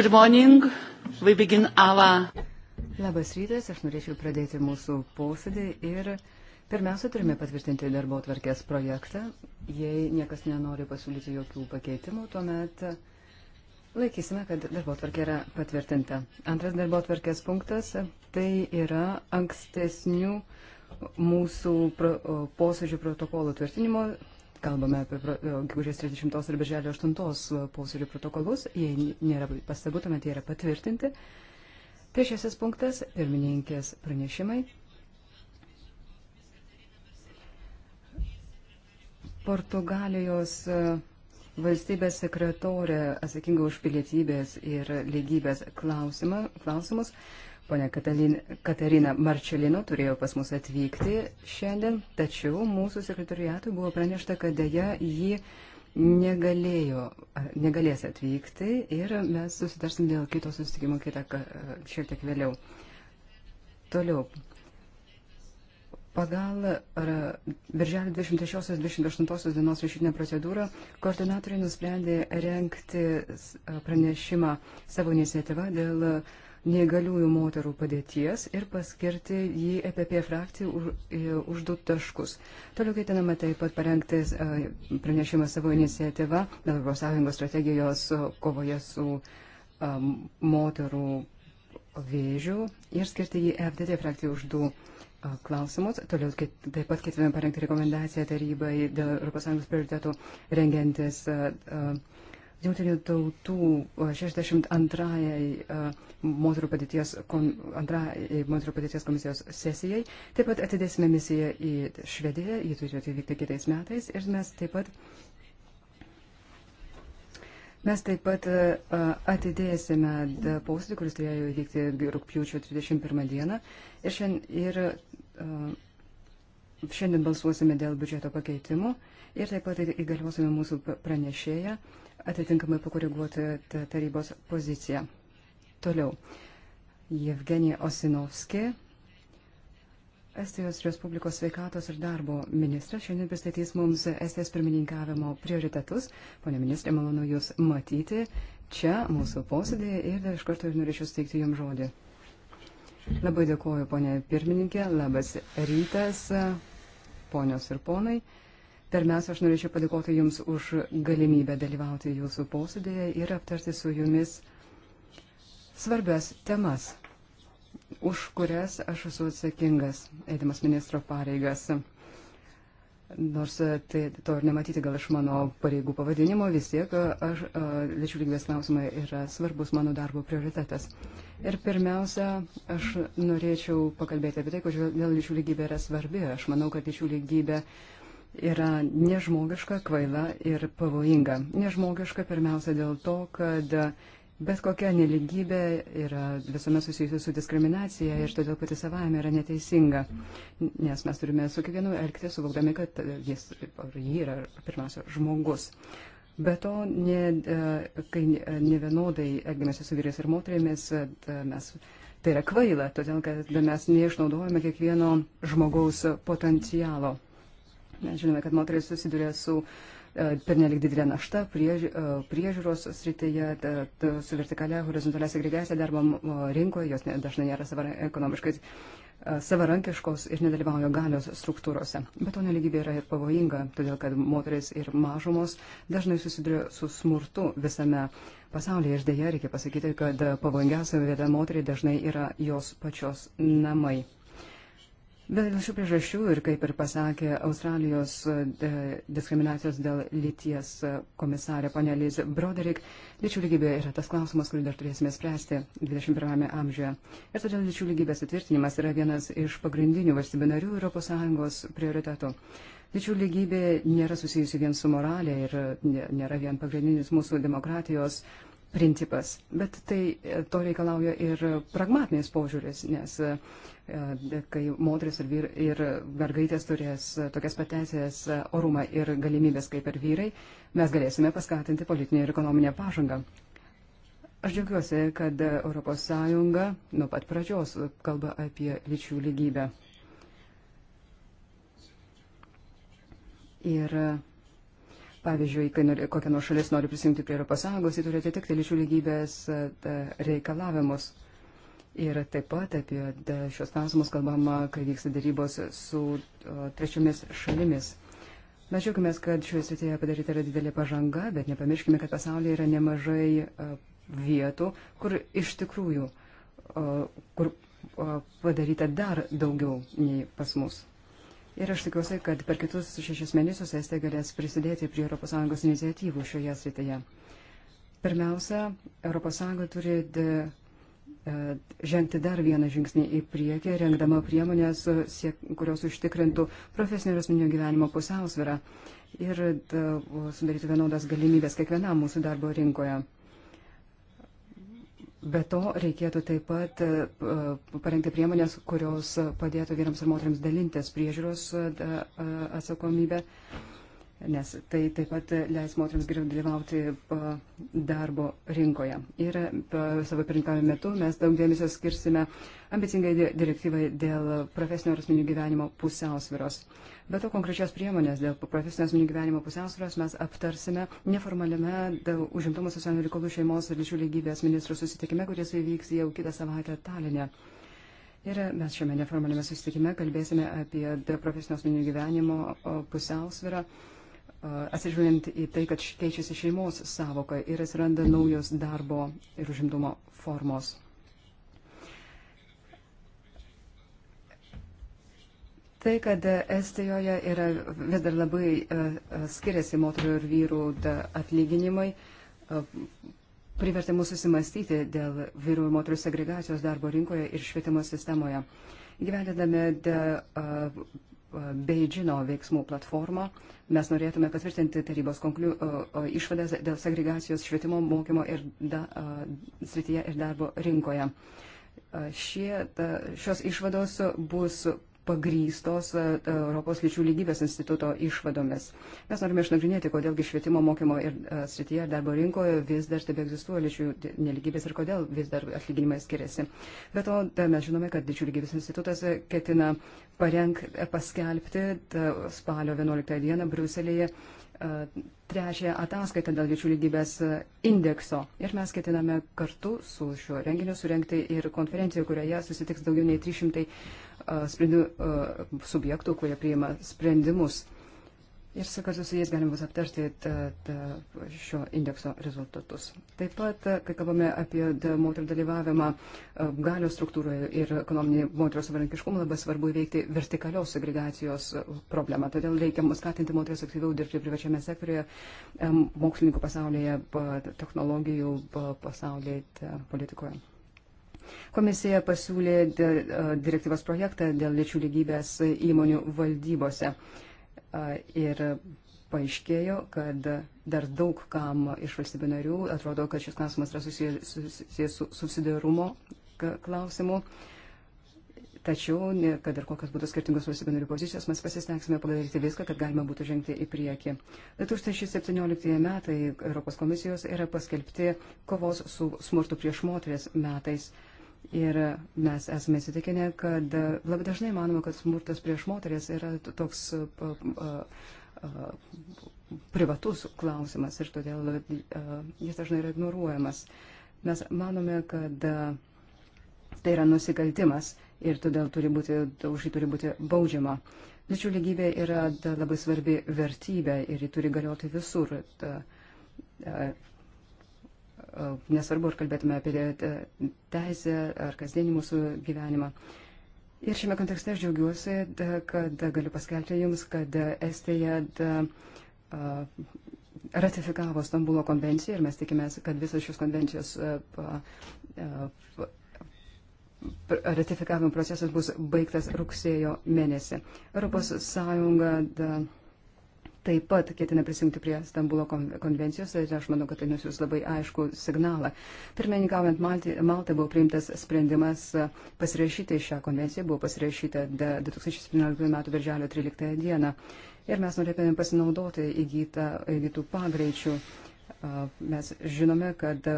Good morning. We begin our. Labas rytas, aš norėčiau pradėti mūsų posėdį ir pirmiausia turime patvirtinti darbo tvarkės projektą. Jei niekas nenori pasiūlyti jokių pakeitimų, tuomet laikysime, kad darbo tvarkė yra patvirtinta. Antras darbo tvarkės punktas tai yra ankstesnių mūsų posėdžių protokolų tvirtinimo kalbame apie e, gegužės 30 ir birželio 8 e, posėdžių protokolus. Jei nėra pastabų, tuomet jie yra patvirtinti. Trečiasis punktas - pirmininkės pranešimai. Portugalijos e, valstybės sekretorė atsakinga už pilietybės ir lygybės klausimą, klausimus Pone Katarina Marčelino turėjo pas mus atvykti šiandien, tačiau mūsų sekretariatui buvo pranešta, kad dėja ji negalėjo, negalės atvykti ir mes susitarsim dėl kito susitikimo kitą šiek tiek vėliau. Toliau. Pagal Birželio 26-28 dienos rašytinę procedūrą koordinatoriai nusprendė renkti pranešimą savo iniciatyvą dėl uh, neįgaliųjų moterų padėties ir paskirti jį EPP frakcijų už, už du taškus. Toliau ketinama taip pat parengti e, pranešimą savo iniciatyvą dėl Europos Sąjungos strategijos e, kovoje su um, moterų vėžių ir skirti jį FDT frakcijų už du klausimus. Toliau taip pat ketiname parengti rekomendaciją tarybai dėl Europos Sąjungos prioritetų rengiantis. Uh, uh, Jungtinių tautų 62 moterų padėties, kon, antrai moterų padėties komisijos sesijai. Taip pat atidėsime misiją į Švediją, jį turėtų įvykti kitais metais ir mes taip pat Mes taip pat atidėsime posėdį, kuris turėjo įvykti rūpjūčio 31 dieną. Ir šiandien, ir šiandien balsuosime dėl biudžeto pakeitimų. Ir taip pat įgaliosime mūsų pranešėją atitinkamai pakoreguoti tarybos poziciją. Toliau. Jevgenija Osinovski, Estijos Respublikos sveikatos ir darbo ministras, šiandien pristatys mums Estijos pirmininkavimo prioritetus. Pone ministrė, malonu Jūs matyti čia mūsų posėdėje ir iš karto ir norėčiau steigti Jums žodį. Labai dėkoju, ponė pirmininkė, labas rytas, ponios ir ponai. Pirmiausia, aš norėčiau padėkoti Jums už galimybę dalyvauti Jūsų posėdėje ir aptarti su Jumis svarbias temas, už kurias aš esu atsakingas, eidamas ministro pareigas. Nors tai, to ir nematyti gal iš mano pareigų pavadinimo, vis tiek aš lyčių lygybės klausimai yra svarbus mano darbo prioritetas. Ir pirmiausia, aš norėčiau pakalbėti apie tai, kodėl lyčių lygybė yra svarbi. Aš manau, kad lyčių lygybė uh, yra nežmogiška, kvaila ir pavojinga. Nežmogiška pirmiausia dėl to, kad bet kokia neligybė yra visuomet susijusi su diskriminacija ir todėl pati savame yra neteisinga, nes mes turime su kiekvienu elgti, suvokdami, kad jis ar jį yra pirmiausia žmogus. Be to, ne, e, kai nevienodai elgiamės su vyrais ir moterimis, e, mes Tai yra kvaila, todėl kad mes neišnaudojame kiekvieno žmogaus potencialo. Mes žinome, kad moteris susiduria su e, pernelik didelė našta priež, e, priežiūros srityje, su vertikalia horizontalia segregacija darbo rinkoje, jos dažnai nėra savara, ekonomiškai e, savarankiškos ir nedalyvauja galios struktūrose. Bet to neligybė yra ir pavojinga, todėl kad moteris ir mažumos dažnai susiduria su smurtu visame pasaulyje. Ir dėja reikia pasakyti, kad pavojingiausia vieta moteriai dažnai yra jos pačios namai. Bet dėl šių priežasčių ir kaip ir pasakė Australijos e, diskriminacijos dėl lyties e, komisarė ponė Liz Broderick, lyčių lygybė yra tas klausimas, kurį dar turėsime spręsti 21-ame amžiuje. Ir todėl lyčių lygybės įtvirtinimas yra vienas iš pagrindinių valstybių narių ES prioritetų. Lyčių lygybė nėra susijusi vien su moralė ir nėra vien pagrindinis mūsų demokratijos uh, principas, bet tai e, to reikalauja ir pragmatinis požiūris, nes e, e, kai moteris ir, vyr, ir mergaitės turės tokias pateisės orumą ir galimybės kaip ir vyrai, mes galėsime paskatinti politinę ir ekonominę pažangą. Aš džiaugiuosi, kad ES nuo pat pradžios kalba apie lyčių lygybę. Ir Pavyzdžiui, kai nori, kokia nors šalis nori prisijungti prie Europos Sąjungos, ji turi atitikti lyčių lygybės e, reikalavimus. Ir taip pat apie e, šios klausimus kalbama, kai vyksta darybos su e, trečiomis šalimis. Mes džiaugiamės, kad šioje srityje padaryta yra didelė pažanga, bet nepamirškime, kad pasaulyje yra nemažai vietų, kur iš tikrųjų kur padaryta dar daugiau nei pas mus. Ir aš tikiuosi, kad per kitus šešis mėnesius Estija galės prisidėti prie ES iniciatyvų šioje srityje. Pirmiausia, ES turi de, žengti dar vieną žingsnį į priekį, rengdama priemonės, siek, kurios užtikrintų profesinio ir asmeninio gyvenimo pusiausvyrą ir sudarytų vienodas galimybės kiekvienam mūsų darbo rinkoje. Be to, reikėtų taip pat e, parengti priemonės, kurios padėtų vyrams ir moteriams dalintis priežiūros e, e, atsakomybę. Uh, uh, nes tai taip pat leis moteriams geriau dalyvauti darbo rinkoje. Ir savo pirmininkavimo metu mes daug dėmesio skirsime ambicingai direktyvai dėl profesinio ir asmeninio gyvenimo pusiausviros. Be to konkrečios priemonės dėl profesinio asmeninio gyvenimo pusiausviros mes aptarsime neformaliame užimtumo socialinių reikalų šeimos ir lyčių lygybės ministrų susitikime, kuris įvyks jau kitą savaitę Talinė. Ir mes šiame neformaliame susitikime kalbėsime apie profesinio asmeninio gyvenimo pusiausvirą atsižvelgiant į tai, kad keičiasi šeimos savoka ir atsiranda naujos darbo ir užimtumo formos. Tai, kad Estijoje yra vis dar labai skiriasi moterų ir vyrų atlyginimai, privertė mus susimastyti dėl vyrų ir moterų segregacijos darbo rinkoje ir švietimo sistemoje. Gyvendiname Beidžino veiksmų platformą. Mes norėtume patvirtinti tarybos konkliu, išvadas dėl segregacijos švietimo, mokymo ir da, srityje ir darbo rinkoje. Šie, ta, šios išvados bus pagrystos e, e, Europos lyčių lygybės instituto išvadomis. Mes norime išnagrinėti, kodėlgi švietimo mokymo ir e, srityje ir darbo rinkoje vis dar tebe egzistuoja lyčių neligybės ir kodėl vis dar atlyginimai skiriasi. Be to, da, mes žinome, kad lyčių lygybės institutas ketina parenk, paskelbti da, spalio 11 dieną Briuselėje trečiąją ataskaitą dėl lyčių lygybės e, indekso. Ir mes ketiname kartu su šiuo renginiu surenkti ir konferenciją, kurioje susitiks daugiau nei 300 e, sprendių, e, subjektų, kurie priima sprendimus ir kartu su jais galima bus aptarti ta, ta, šio indekso rezultatus. Taip pat, kai kalbame apie moterų dalyvavimą e, galios struktūroje ir ekonominį moterų savarankiškumą, labai svarbu įveikti vertikalios segregacijos e, problemą. Todėl reikia skatinti moteris aktyviau dirbti privačiame sektorėje, mokslininkų pasaulyje, technologijų pasaulyje, e, politikoje. Komisija pasiūlė direktyvos projektą dėl lyčių lygybės įmonių valdybose ir paaiškėjo, kad dar daug kam iš valstybių narių atrodo, kad šis klausimas yra susijęs susijęs su subsidiarumo klausimu. Tačiau, kad ir kokios būtų skirtingos valstybių narių pozicijos, mes pasistengsime padaryti viską, kad galima būtų žengti į priekį. 2017 metai Europos komisijos yra paskelbti kovos su smurtu prieš moteris metais. Ir mes esame įsitikinę, kad labai dažnai manoma, kad smurtas prieš moteris yra toks privatus klausimas ir todėl jis dažnai yra ignoruojamas. Mes manome, kad tai yra nusikaltimas ir todėl turi būti, už jį turi būti baudžiama. Lyčių lygybė yra labai svarbi vertybė ir ji turi galioti visur. Ta, ta, E, nesvarbu, ar kalbėtume apie teisę ar kasdienį mūsų gyvenimą. Ir šiame kontekste aš džiaugiuosi, kad galiu paskelbti Jums, kad Estija ratifikavo Stambulo konvenciją ir mes tikimės, kad visos šios konvencijos ratifikavimo procesas bus baigtas rugsėjo mėnesį. Europos Sąjunga taip pat ketina prisijungti prie Stambulo konvencijos ir aš manau, kad tai nusius labai aišku signalą. Pirmininkaujant Maltai buvo priimtas sprendimas pasirašyti šią konvenciją, buvo pasirašyta 2017 m. birželio 13 d. Ir mes norėtume pasinaudoti įgytą, įgytų pagreičių. Mes žinome, kad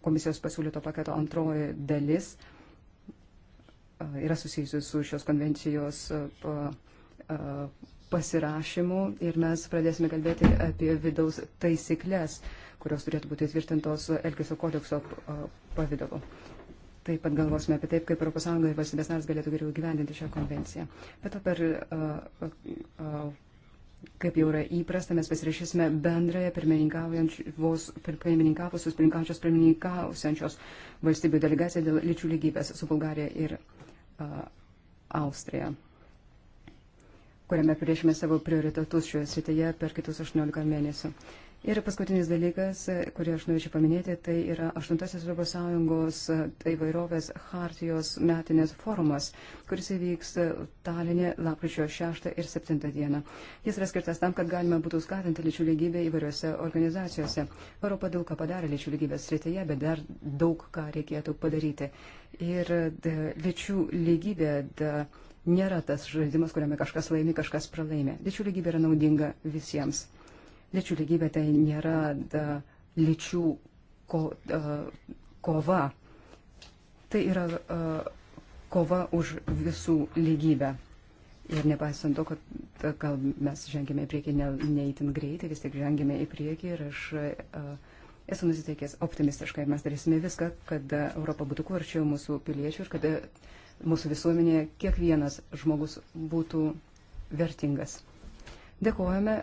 komisijos pasiūlyto paketo antroji dalis yra susijusi su šios konvencijos pasirašymų ir mes pradėsime kalbėti apie vidaus taisyklės, kurios turėtų būti tvirtintos Elgesio kodekso pavydalu. Taip pat galvosime apie taip, kaip ES ir valstybės narės galėtų geriau gyvendinti šią konvenciją. Bet to per, kaip jau yra įprasta, mes pasirašysime bendrąją pirmininkavusios, pirmininkaujančios, pirmininkausiančios valstybių delegaciją dėl lyčių lygybės su Bulgarija ir Austrija kuriame priešime savo prioritetus šioje srityje per kitus 18 mėnesių. Ir paskutinis dalykas, kurį aš norėčiau paminėti, tai yra 8-asis Europos Sąjungos tai įvairovės hartijos metinės forumas, kuris įvyks Talinė lapkričio 6 ir 7 dieną. Jis yra skirtas tam, kad galima būtų skatinti lyčių lygybę įvairiose organizacijose. Europa daug ką padarė lyčių lygybės srityje, bet dar daug ką reikėtų padaryti. Ir e, lyčių lygybė. De, nėra tas žaidimas, kuriame kažkas laimi, kažkas pralaimi. Lyčių lygybė yra naudinga visiems. Lyčių lygybė tai nėra da, lyčių ko, da, kova. Tai yra a, kova už visų lygybę. Ir nepaisant to, kad gal mes žengėme į priekį ne, neįtin greitai, vis tik žengėme į priekį ir aš a, esu nusiteikęs optimistiškai. Mes darysime viską, kad Europa būtų kuo arčiau mūsų piliečių ir kad mūsų visuomenėje kiekvienas žmogus būtų vertingas. Dėkojame,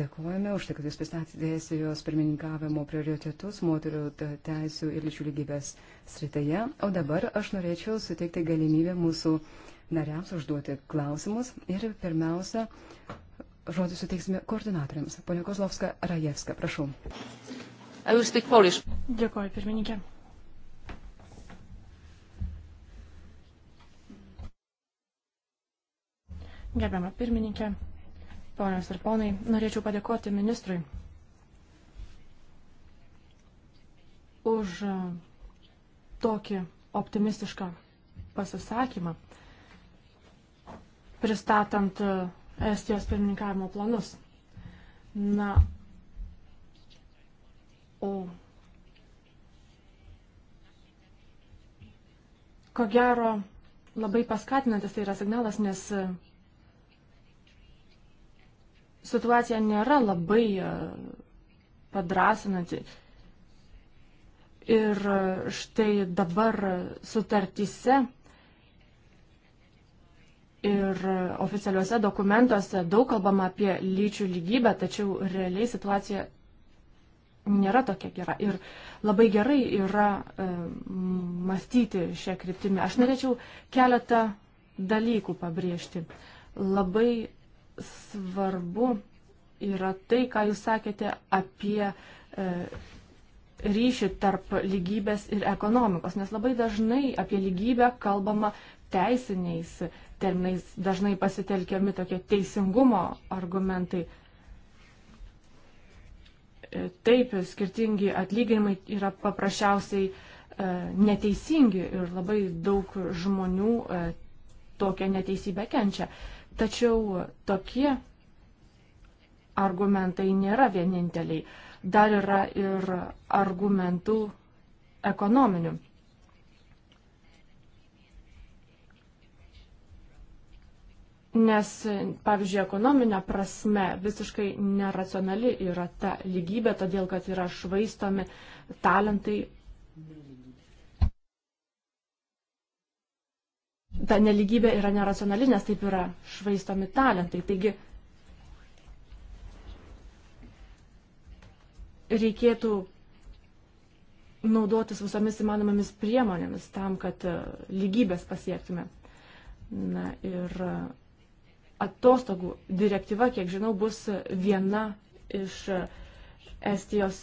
dėkojame už tai, kad jūs pristatėte Estijos pirmininkavimo prioritetus moterių teisų ir lyčių lygybės srityje. O dabar aš norėčiau suteikti galimybę mūsų nariams užduoti klausimus ir pirmiausia, žodį suteiksime koordinatoriams. Pone Kozlovska Rajevska, prašau. Dėkoju, pirmininkė. Gerbiama pirmininkė, ponios ir ponai, norėčiau padėkoti ministrui už e, tokį optimistišką pasisakymą, pristatant e, Estijos pirmininkavimo planus. Na, o ko gero labai paskatinantis tai yra signalas, nes situacija nėra labai e, padrasinanti. Ir e, štai dabar sutartyse ir e, oficialiuose dokumentuose daug kalbama apie lyčių lygybę, tačiau realiai situacija nėra tokia gera. Ir labai gerai yra e, mąstyti šią kryptimį. Aš norėčiau keletą dalykų pabrėžti. Labai svarbu yra tai, ką jūs sakėte apie e, ryšį tarp lygybės ir ekonomikos, nes labai dažnai apie lygybę kalbama teisiniais terminais, dažnai pasitelkiami tokie teisingumo argumentai. E, taip, skirtingi atlyginimai yra paprasčiausiai e, neteisingi ir labai daug žmonių e, tokią neteisybę kenčia. E, Tačiau tokie argumentai nėra vieninteliai. Dar yra ir argumentų ekonominių. Nes, pavyzdžiui, ekonominė prasme visiškai neracionali yra ta lygybė, todėl kad yra švaistomi talentai ta neligybė yra neracionali, nes taip yra švaistomi talentai. Taigi reikėtų naudotis visomis įmanomomis priemonėmis tam, kad e, lygybės pasiektume. Na ir e, atostogų direktyva, kiek žinau, bus viena iš e, Estijos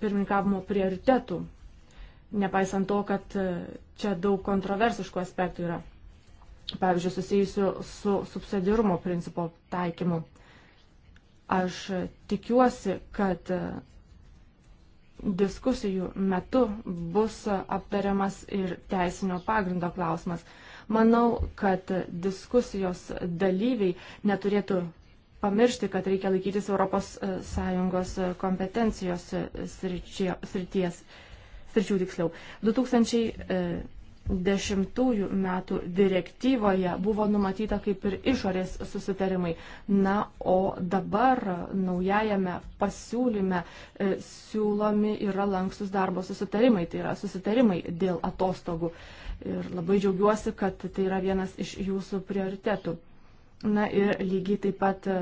pirmininkavimo prioritetų, nepaisant to, kad čia daug kontroversiškų aspektų yra pavyzdžiui, susijusių su subsidiarumo principo taikymu. Aš tikiuosi, kad diskusijų metu bus aptariamas ir teisinio pagrindo klausimas. Manau, kad diskusijos dalyviai neturėtų pamiršti, kad reikia laikytis ES kompetencijos sričio, srities, sričių tiksliau. 2000, 2010 metų direktyvoje buvo numatyta kaip ir išorės susitarimai. Na, o dabar naujajame pasiūlyme e, siūlomi yra lankstus darbo susitarimai, tai yra susitarimai dėl atostogų. Ir labai džiaugiuosi, kad tai yra vienas iš jūsų prioritetų. Na ir lygiai taip pat e,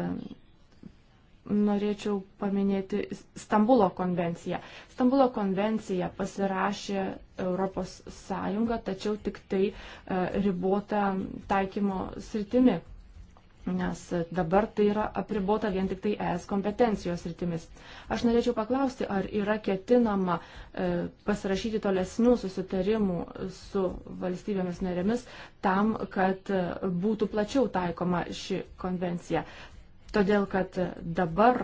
norėčiau paminėti Stambulo konvenciją. Stambulo konvenciją pasirašė ES, tačiau tik tai e, ribota taikymo sritimi, nes dabar tai yra apribota vien tik tai ES kompetencijos sritimis. Aš norėčiau paklausti, ar yra ketinama e, pasirašyti tolesnių susitarimų su valstybėmis narėmis tam, kad e, būtų plačiau taikoma ši konvencija todėl kad dabar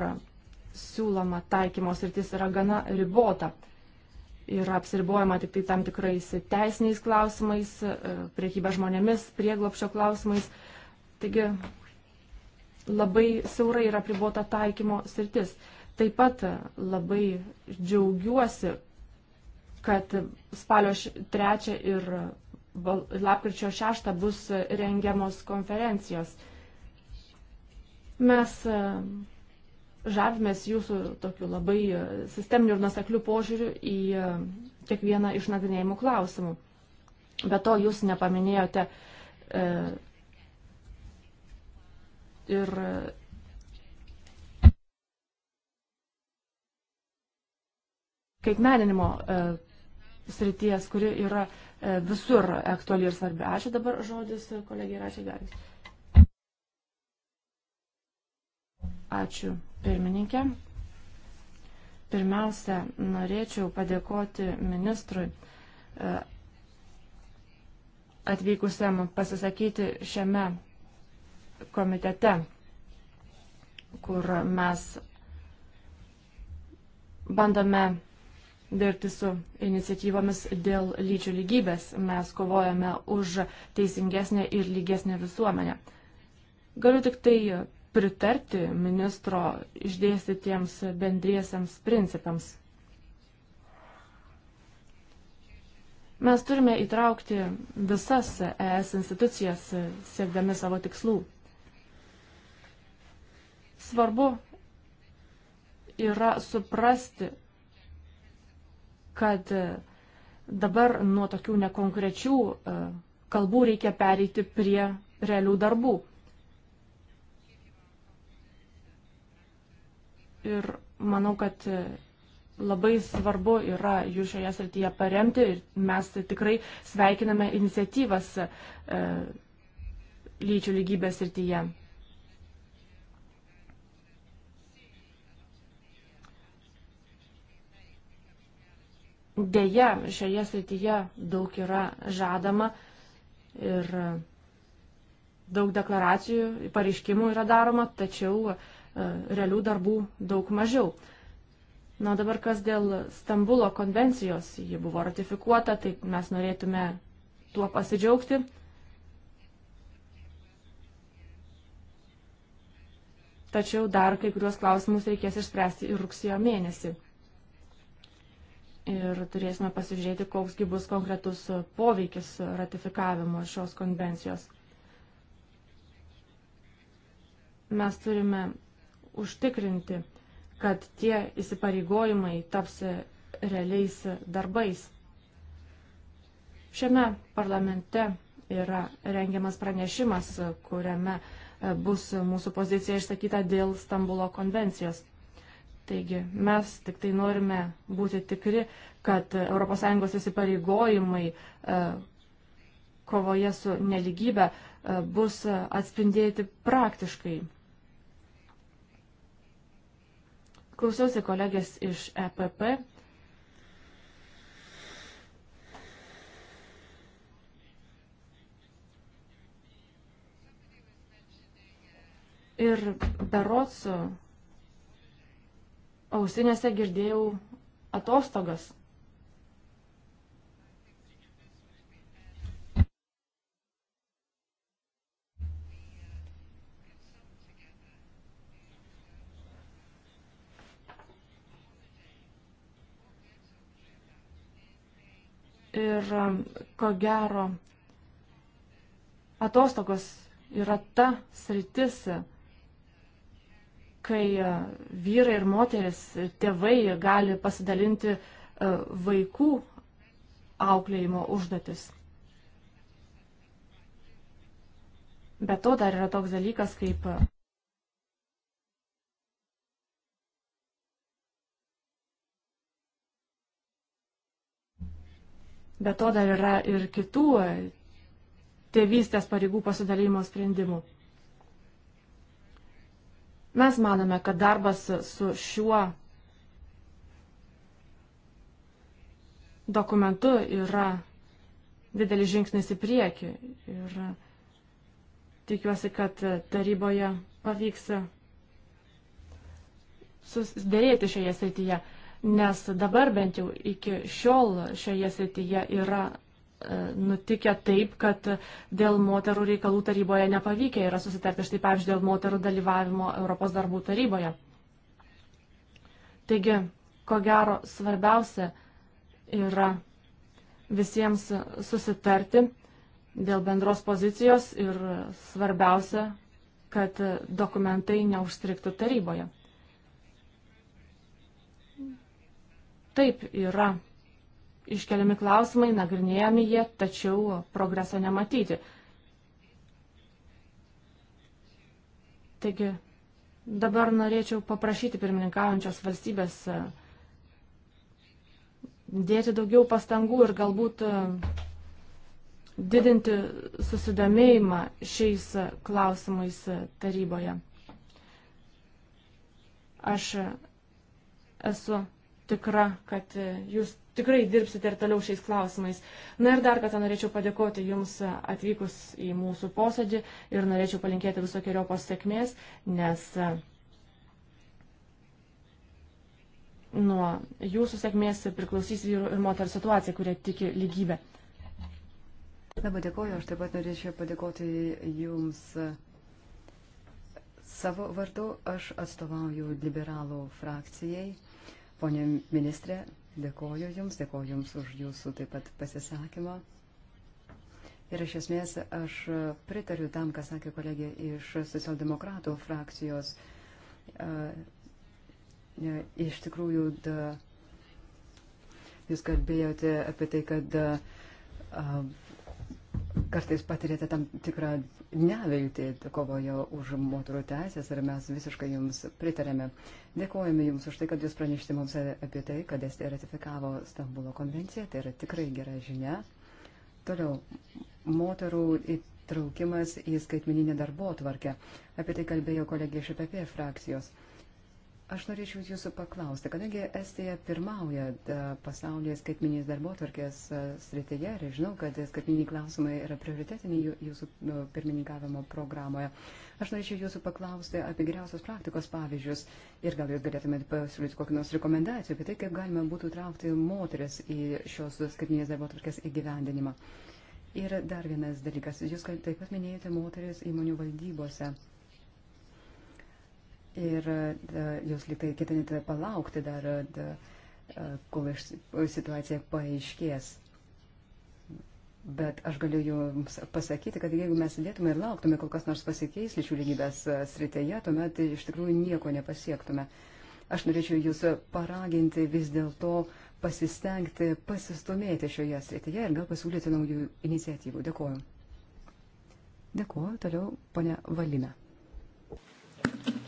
siūloma taikymos rytis yra gana ribota. Yra apsiribojama tik tai tam tikrais teisiniais klausimais, e, priekybė žmonėmis, prieglopšio klausimais. Taigi labai siaurai yra pribota taikymo sritis. Taip pat labai džiaugiuosi, kad spalio 3 ir lapkričio 6 bus rengiamos konferencijos Mes e, žavimės jūsų tokiu labai e, sisteminiu ir nusekliu požiūriu į e, kiekvieną iš nagrinėjimų klausimų. Be to, jūs nepaminėjote e, ir. kaip meninimo e, srities, kuri yra e, visur aktuali ir svarbi. Ačiū dabar žodis kolegiai Račiai Garis. Ačiū, pirmininkė. Pirmiausia, norėčiau padėkoti ministrui e, atvykusiam pasisakyti šiame komitete, kur mes bandome dirbti su iniciatyvomis dėl lyčių lygybės. Mes kovojame už teisingesnę ir lygesnę visuomenę. Galiu tik tai pritarti ministro išdėstytiems bendriesiams principams. Mes turime įtraukti visas ES institucijas siekdami savo tikslų. Svarbu yra suprasti, kad dabar nuo tokių nekonkrečių e, kalbų reikia pereiti prie realių darbų. Ir manau, kad labai svarbu yra jų šioje srityje paremti ir mes tikrai sveikiname iniciatyvas e, lyčių lygybės srityje. Deja, šioje srityje daug yra žadama ir daug deklaracijų, pareiškimų yra daroma, tačiau e, E, realių darbų daug mažiau. Na dabar kas dėl Stambulo konvencijos, ji buvo ratifikuota, tai mes norėtume tuo pasidžiaugti. Tačiau dar kai kuriuos klausimus reikės išspręsti ir rugsėjo mėnesį. Ir turėsime pasižiūrėti, koksgi bus konkretus poveikis ratifikavimo šios konvencijos. Mes turime užtikrinti, kad tie įsipareigojimai taps realiais darbais. Šiame parlamente yra rengiamas pranešimas, kuriame e, bus mūsų pozicija išsakyta dėl Stambulo konvencijos. Taigi mes tik tai norime būti tikri, kad ES įsipareigojimai e, kovoje su neligybė e, bus atspindėti praktiškai Klausiausi kolegės iš EPP. Ir berots ausinėse girdėjau atostogas. Ir um, ko gero, atostogos yra ta sritis, kai uh, vyrai ir moteris, tėvai gali pasidalinti uh, vaikų auklėjimo užduotis. Be to dar yra toks dalykas kaip uh, Be to dar yra ir kitų tėvystės pareigų pasidalymo sprendimų. Mes manome, kad darbas su šiuo dokumentu yra didelis žingsnis į priekį ir tikiuosi, kad taryboje pavyks susidėrėti šioje srityje nes dabar bent jau iki šiol šioje srityje yra e, nutikę taip, kad dėl moterų reikalų taryboje nepavykę yra susitarti, štai pavyzdžiui, dėl moterų dalyvavimo Europos darbų taryboje. Taigi, ko gero, svarbiausia yra visiems susitarti dėl bendros pozicijos ir svarbiausia, kad dokumentai neužstriktų taryboje. Taip yra iškeliami klausimai, nagrinėjami jie, tačiau progreso nematyti. Taigi dabar norėčiau paprašyti pirmininkaujančios valstybės e, dėti daugiau pastangų ir galbūt e, didinti susidomėjimą šiais klausimais e, taryboje. Aš esu tikra, kad e, jūs tikrai dirbsite ir toliau šiais klausimais. Na ir dar kartą norėčiau padėkoti Jums e, atvykus į mūsų posėdį ir norėčiau palinkėti visokiojopos sėkmės, nes e, nuo Jūsų sėkmės priklausys vyrų ir moterų situacija, kurie tiki lygybę. Labai dėkoju, aš taip pat norėčiau padėkoti Jums. Savo vardu aš atstovauju liberalų frakcijai. Pone ministrė, dėkoju Jums, dėkoju Jums už Jūsų taip pat pasisakymą. Ir iš esmės aš pritariu tam, ką sakė kolegė iš socialdemokratų frakcijos. E, iš tikrųjų, da, Jūs kalbėjote apie tai, kad da, kartais patirėte tam tikrą neviltį kovoje už moterų teisės ir mes visiškai jums pritarėme. Dėkojame jums už tai, kad jūs pranešti mums apie tai, kad Estija ratifikavo Stambulo konvenciją. Tai yra tikrai gera žinia. Toliau, moterų įtraukimas į skaitmininę darbo tvarkę. Apie tai kalbėjo kolegė iš PP e frakcijos. Aš norėčiau jūsų paklausti, kadangi Estija pirmauja pasaulyje skaitminiais darbotvarkės srityje ir žinau, kad skaitminiai klausimai yra prioritetiniai jūsų pirmininkavimo programoje. Aš norėčiau jūsų paklausti apie geriausios praktikos pavyzdžius ir gal jūs galėtumėte pasiūlyti kokį nors rekomendacijų apie tai, kaip galima būtų traukti moteris į šios skaitminės darbotvarkės įgyvendinimą. Ir dar vienas dalykas, jūs taip pat minėjote moteris įmonių valdybose ir e, jūs liktai ketinate palaukti dar, e, da, e, kol situacija paaiškės. Bet aš galiu jums pasakyti, kad jeigu mes sėdėtume ir lauktume, kol kas nors pasikeis lyčių lygybės srityje, tuomet iš tikrųjų nieko nepasiektume. Aš norėčiau jūs paraginti vis dėlto pasistengti, pasistumėti šioje srityje ir gal pasiūlyti naujų iniciatyvų. Dėkuoju. Dėkuoju. Toliau, ponia Valina. Thank you.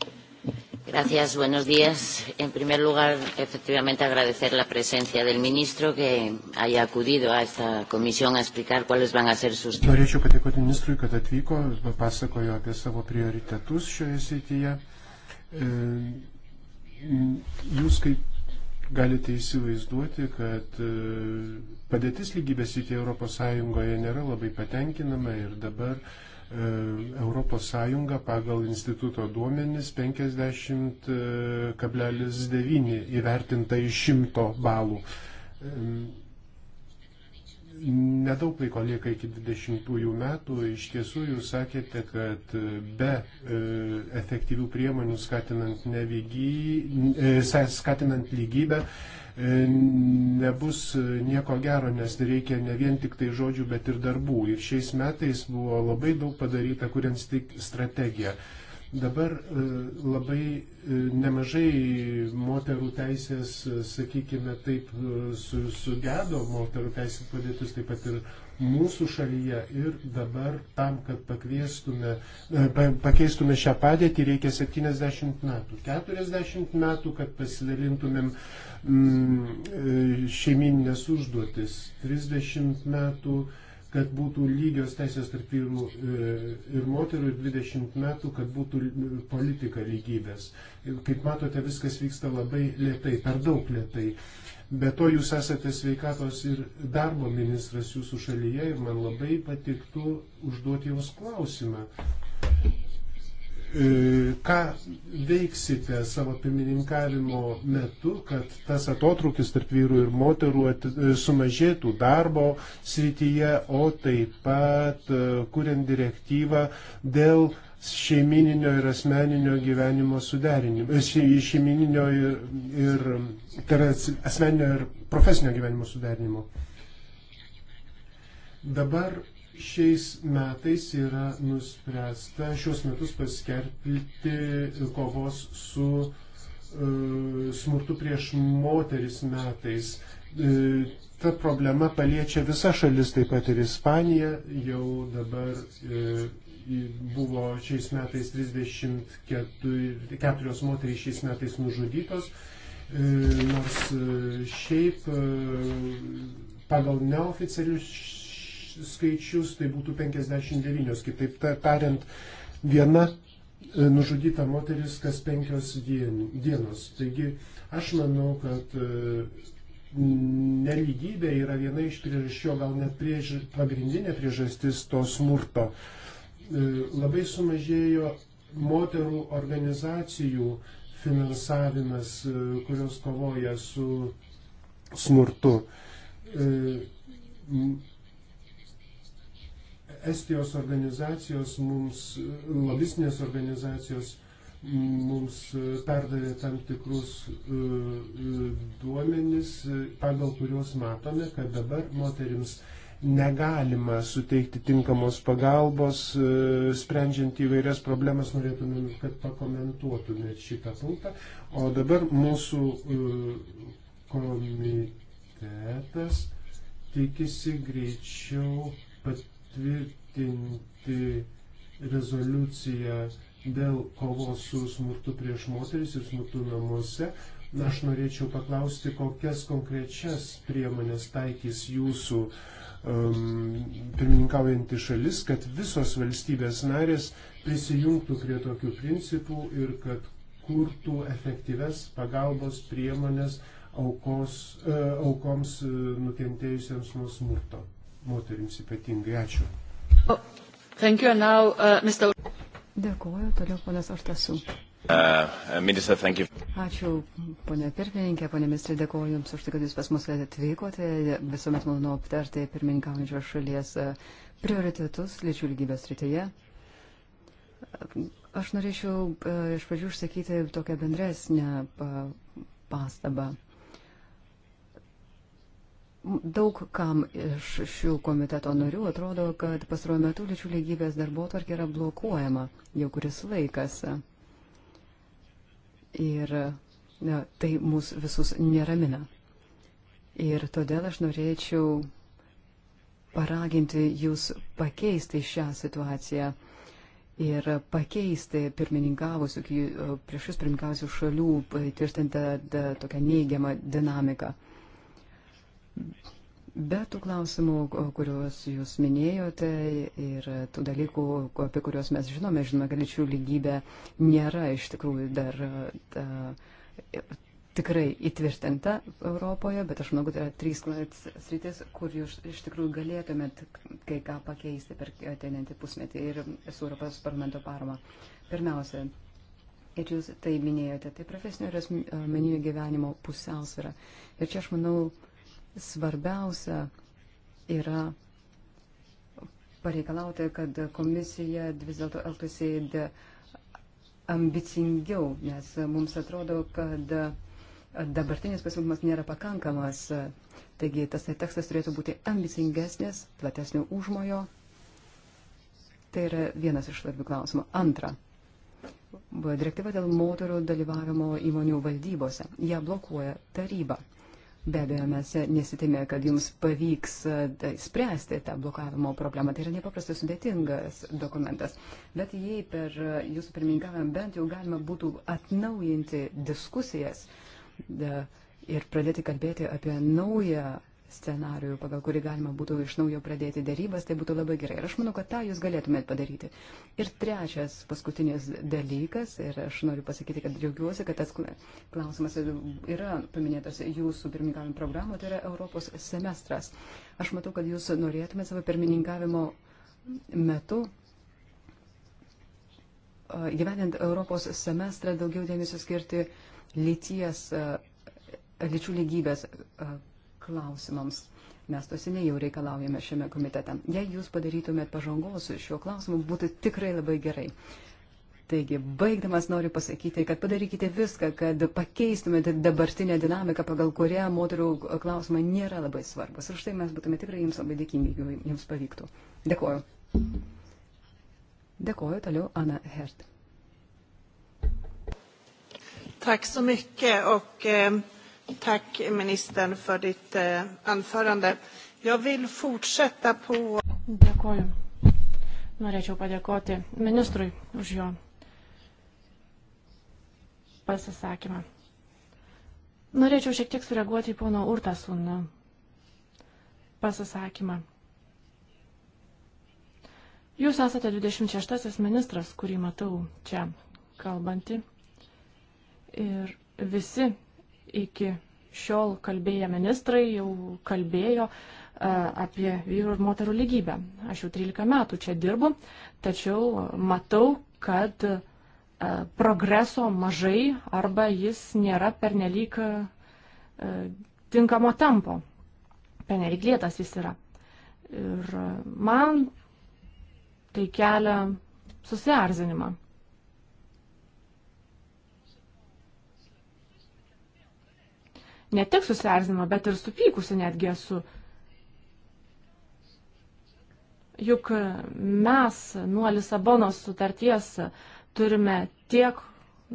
Gracias, buenos días. En primer lugar, efectivamente, agradecer la presencia del ministro que haya acudido a esta comisión a explicar cuáles van a ser sus. Norėčiau padėkoti ministrui, kad atvyko, papasakojo apie savo prioritetus šioje srityje. E, jūs kaip galite įsivaizduoti, kad e, padėtis lygybės įtie Europos Sąjungoje nėra labai patenkinama ir dabar uh, E, Europos Sąjunga pagal instituto duomenis 50,9 e, įvertinta iš 100 balų. E, nedaug laiko lieka iki 20 metų. Iš tiesų jūs sakėte, kad be efektyvių priemonių skatinant, nevygį, skatinant lygybę E, nebus e, nieko gero, nes reikia ne vien tik tai žodžių, bet ir darbų. Ir šiais metais buvo labai daug padaryta, kuriant strategiją. Dabar e, labai nemažai moterų teisės, sakykime, taip sugėdo, moterų teisės padėtis taip pat ir mūsų šalyje ir dabar tam, kad pakviestume, e, pakeistume šią padėtį, reikia 70 metų. 40 metų, kad pasidalintumėm mm, e, šeimininės užduotis. 30 metų kad būtų lygios teisės tarp vyrų e, ir moterų ir 20 metų, kad būtų politika lygybės. Kaip matote, viskas vyksta labai lietai, per daug lietai. Be to jūs esate sveikatos ir darbo ministras jūsų šalyje ir man labai patiktų užduoti jums klausimą. E, ką veiksite savo pirmininkavimo metu, kad tas atotrukis tarp vyrų ir moterų e, sumažėtų darbo srityje, o taip pat e, kuriant direktyvą dėl šeimininio ir asmeninio gyvenimo suderinimas, e, šeimininio ir, ir tai yra asmeninio ir profesinio gyvenimo suderinimo. Dabar šiais metais yra nuspręsta šios metus paskelbti kovos su e, smurtu prieš moteris metais. E, ta problema paliečia visas šalis, taip pat ir Ispaniją jau dabar. E, buvo šiais metais 34 moterys šiais metais nužudytos, e, nors e, šiaip e, pagal neoficialius skaičius tai būtų 59, kitaip tariant, viena nužudyta moteris kas penkios dienos. Taigi aš manau, kad neligybė yra viena iš priežasčių, gal net priež, pagrindinė priežastis to smurto. Uh, E, labai sumažėjo moterų organizacijų finansavimas, e, kurios kovoja su smurtu. E, Estijos organizacijos mums, lobistinės organizacijos mums perdavė tam tikrus duomenis, pagal kuriuos matome, kad dabar moterims negalima suteikti tinkamos pagalbos, e, sprendžiant įvairias problemas, norėtumėm, kad pakomentuotumėt šitą punktą. O dabar mūsų e, komitetas tikisi greičiau patvirtinti rezoliuciją dėl kovos su smurtu prieš moteris ir smurtu namuose. Na, aš norėčiau paklausti, kokias konkrečias priemonės taikys jūsų uh, Um, pirmininkaujantį šalis, kad visos valstybės narės prisijungtų prie tokių principų ir kad kurtų efektyves pagalbos priemonės aukos, e, aukoms e, nukentėjusiems nuo smurto. Moterims ypatingai. Ačiū. Now, uh, Mr... Dėkuoju, toliau ponas Artasu. Uh, uh, minister, Ačiū, ponė pirmininkė, ponė ministrė, dėkoju Jums už tai, kad Jūs pas mus atvykote. Visuomet malonu aptarti pirmininkaujančios šalies uh, prioritetus lyčių lygybės rytyje. Uh, aš norėčiau iš pradžių užsakyti tokią bendresnę pastabą. Daug kam iš šių komiteto narių atrodo, kad pastaruoju metu lyčių lygybės darbo tvarkė yra blokuojama jau kuris laikas. Ir na, tai mūsų visus neramina. Ir todėl aš norėčiau paraginti jūs pakeisti šią situaciją ir pakeisti pirmininkavusių, e, prieš jūs pirmininkavusių šalių e, tvirtintą tokią neigiamą dinamiką. Be tų klausimų, kuriuos jūs minėjote ir tų dalykų, apie kuriuos mes žinome, žinome, kad lyčių lygybė nėra iš tikrųjų dar ta, tikrai įtvirtinta Europoje, bet aš manau, kad yra trys sritis, kur jūs iš tikrųjų galėtumėt kai ką pakeisti per ateinantį pusmetį ir su Europos parlamento parama. Pirmiausia, ir jūs tai minėjote, tai profesinio ir asmeninio gyvenimo pusiausvėra. Ir čia aš manau, svarbiausia yra pareikalauti, kad komisija vis dėlto elgtųsi ambicingiau, nes mums atrodo, kad dabartinis pasiūlymas nėra pakankamas. Taigi tas tekstas turėtų būti ambicingesnis, platesnio užmojo. Tai yra vienas iš svarbių klausimų. Antra. Direktyva dėl moterų dalyvavimo įmonių valdybose. Ja blokuoja taryba. Be abejo, mes nesitime, kad jums pavyks e, spręsti tą blokavimo problemą. Tai yra nepaprastai sudėtingas dokumentas. Bet jei per e, jūsų pirmininkavimą bent jau galima būtų atnaujinti diskusijas ir pradėti kalbėti apie naują scenarijų, pagal kurį galima būtų iš naujo pradėti dėrybas, tai būtų labai gerai. Ir aš manau, kad tą jūs galėtumėt padaryti. Ir trečias, paskutinis dalykas, ir aš noriu pasakyti, kad džiaugiuosi, kad tas klausimas yra paminėtas jūsų pirmininkavimo programų, tai yra Europos semestras. Aš matau, kad jūs norėtumėt savo pirmininkavimo metu gyvenant Europos semestrą daugiau dėmesio skirti lyties lyčių lygybės klausimams. Mes to seniai jau reikalaujame šiame komitete. Jei jūs padarytumėt pažangos šiuo klausimu, būtų tikrai labai gerai. Taigi, baigdamas noriu pasakyti, kad padarykite viską, kad pakeistumėte dabartinę dinamiką, pagal kurią moterų klausimai nėra labai svarbus. Ir štai mes būtume tikrai jums labai dėkingi, jeigu jums pavyktų. Dėkoju. Dėkoju toliau Ana Hert. Tack så mycket. Och, eh... Tack ministern för ditt eh, anförande. Jag vill fortsätta på... Dėkoju. Norėčiau padėkoti ministrui už jo pasisakymą. Norėčiau šiek tiek sureaguoti į pono Urtasūną pasisakymą. Jūs esate 26 ministras, kurį matau čia kalbantį. Ir visi iki šiol kalbėję ministrai jau kalbėjo e, apie vyrų ir moterų lygybę. Aš jau 13 metų čia dirbu, tačiau matau, kad e, progreso mažai arba jis nėra pernelyg e, tinkamo tempo. Pernelyg lėtas jis yra. Ir man tai kelia susiarzinimą. ne tik susierzino, bet ir supykusi netgi esu. Juk mes nuo Lisabonos sutarties turime tiek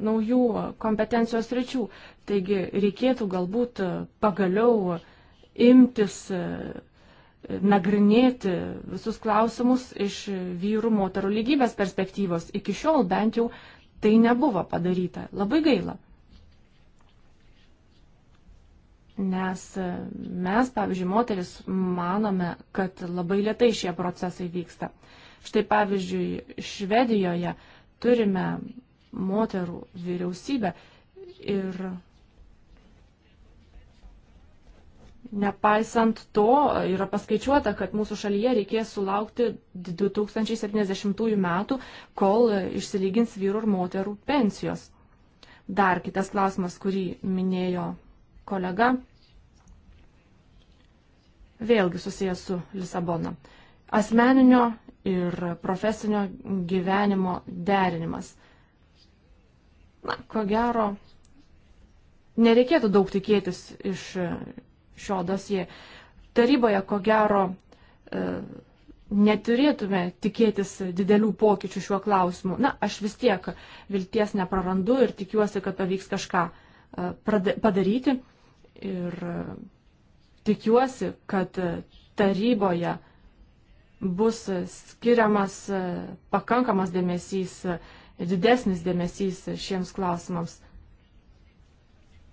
naujų kompetencijos ryčių, taigi reikėtų galbūt pagaliau imtis nagrinėti visus klausimus iš vyrų moterų lygybės perspektyvos. Iki šiol bent jau tai nebuvo padaryta. Labai gaila. Nes e, mes, pavyzdžiui, moteris, manome, kad labai lietai šie procesai vyksta. Štai pavyzdžiui, Švedijoje turime moterų vyriausybę ir Nepaisant to, yra paskaičiuota, kad mūsų šalyje reikės sulaukti 2070 metų, kol išsilygins vyrų ir moterų pensijos. Dar kitas klausimas, kurį minėjo kolega, vėlgi susijęs su Lisabona. Asmeninio ir profesinio gyvenimo derinimas. Na, ko gero, nereikėtų daug tikėtis iš šio dosie. Taryboje, ko gero, e, neturėtume tikėtis didelių pokyčių šiuo klausimu. Na, aš vis tiek vilties neprarandu ir tikiuosi, kad pavyks kažką e, padaryti. Ir Tikiuosi, kad taryboje bus skiriamas e, pakankamas dėmesys, e, didesnis dėmesys šiems klausimams.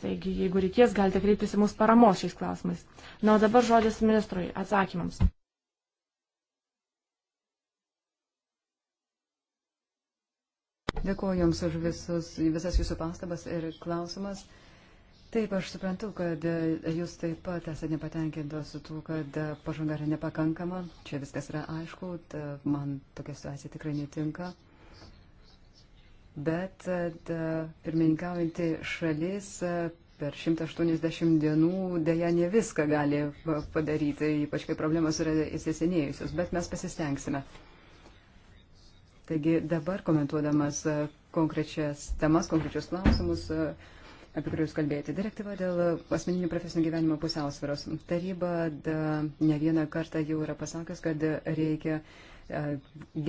Taigi, jeigu reikės, galite kreiptis į mūsų paramos šiais klausimais. Na, o dabar žodis ministrui atsakymams. Dėkuoju Jums už visus, visas Jūsų pastabas ir klausimas. Taip, aš suprantu, kad e, jūs taip pat esate nepatenkintos su tuo, kad e, pažanga yra nepakankama. Čia viskas yra aišku, ta, man tokia situacija tikrai netinka. Bet e, pirmininkaujanti šalis per 180 dienų dėja ne viską gali padaryti, ypač kai problemos yra įsisenėjusios, bet mes pasistengsime. Taigi dabar komentuodamas konkrečias temas, konkrečius klausimus, uh, apie kuriuos kalbėjote. Direktyva dėl asmeninių profesinio gyvenimo pusiausvėros. Taryba da, ne vieną kartą jau yra pasakęs, kad reikia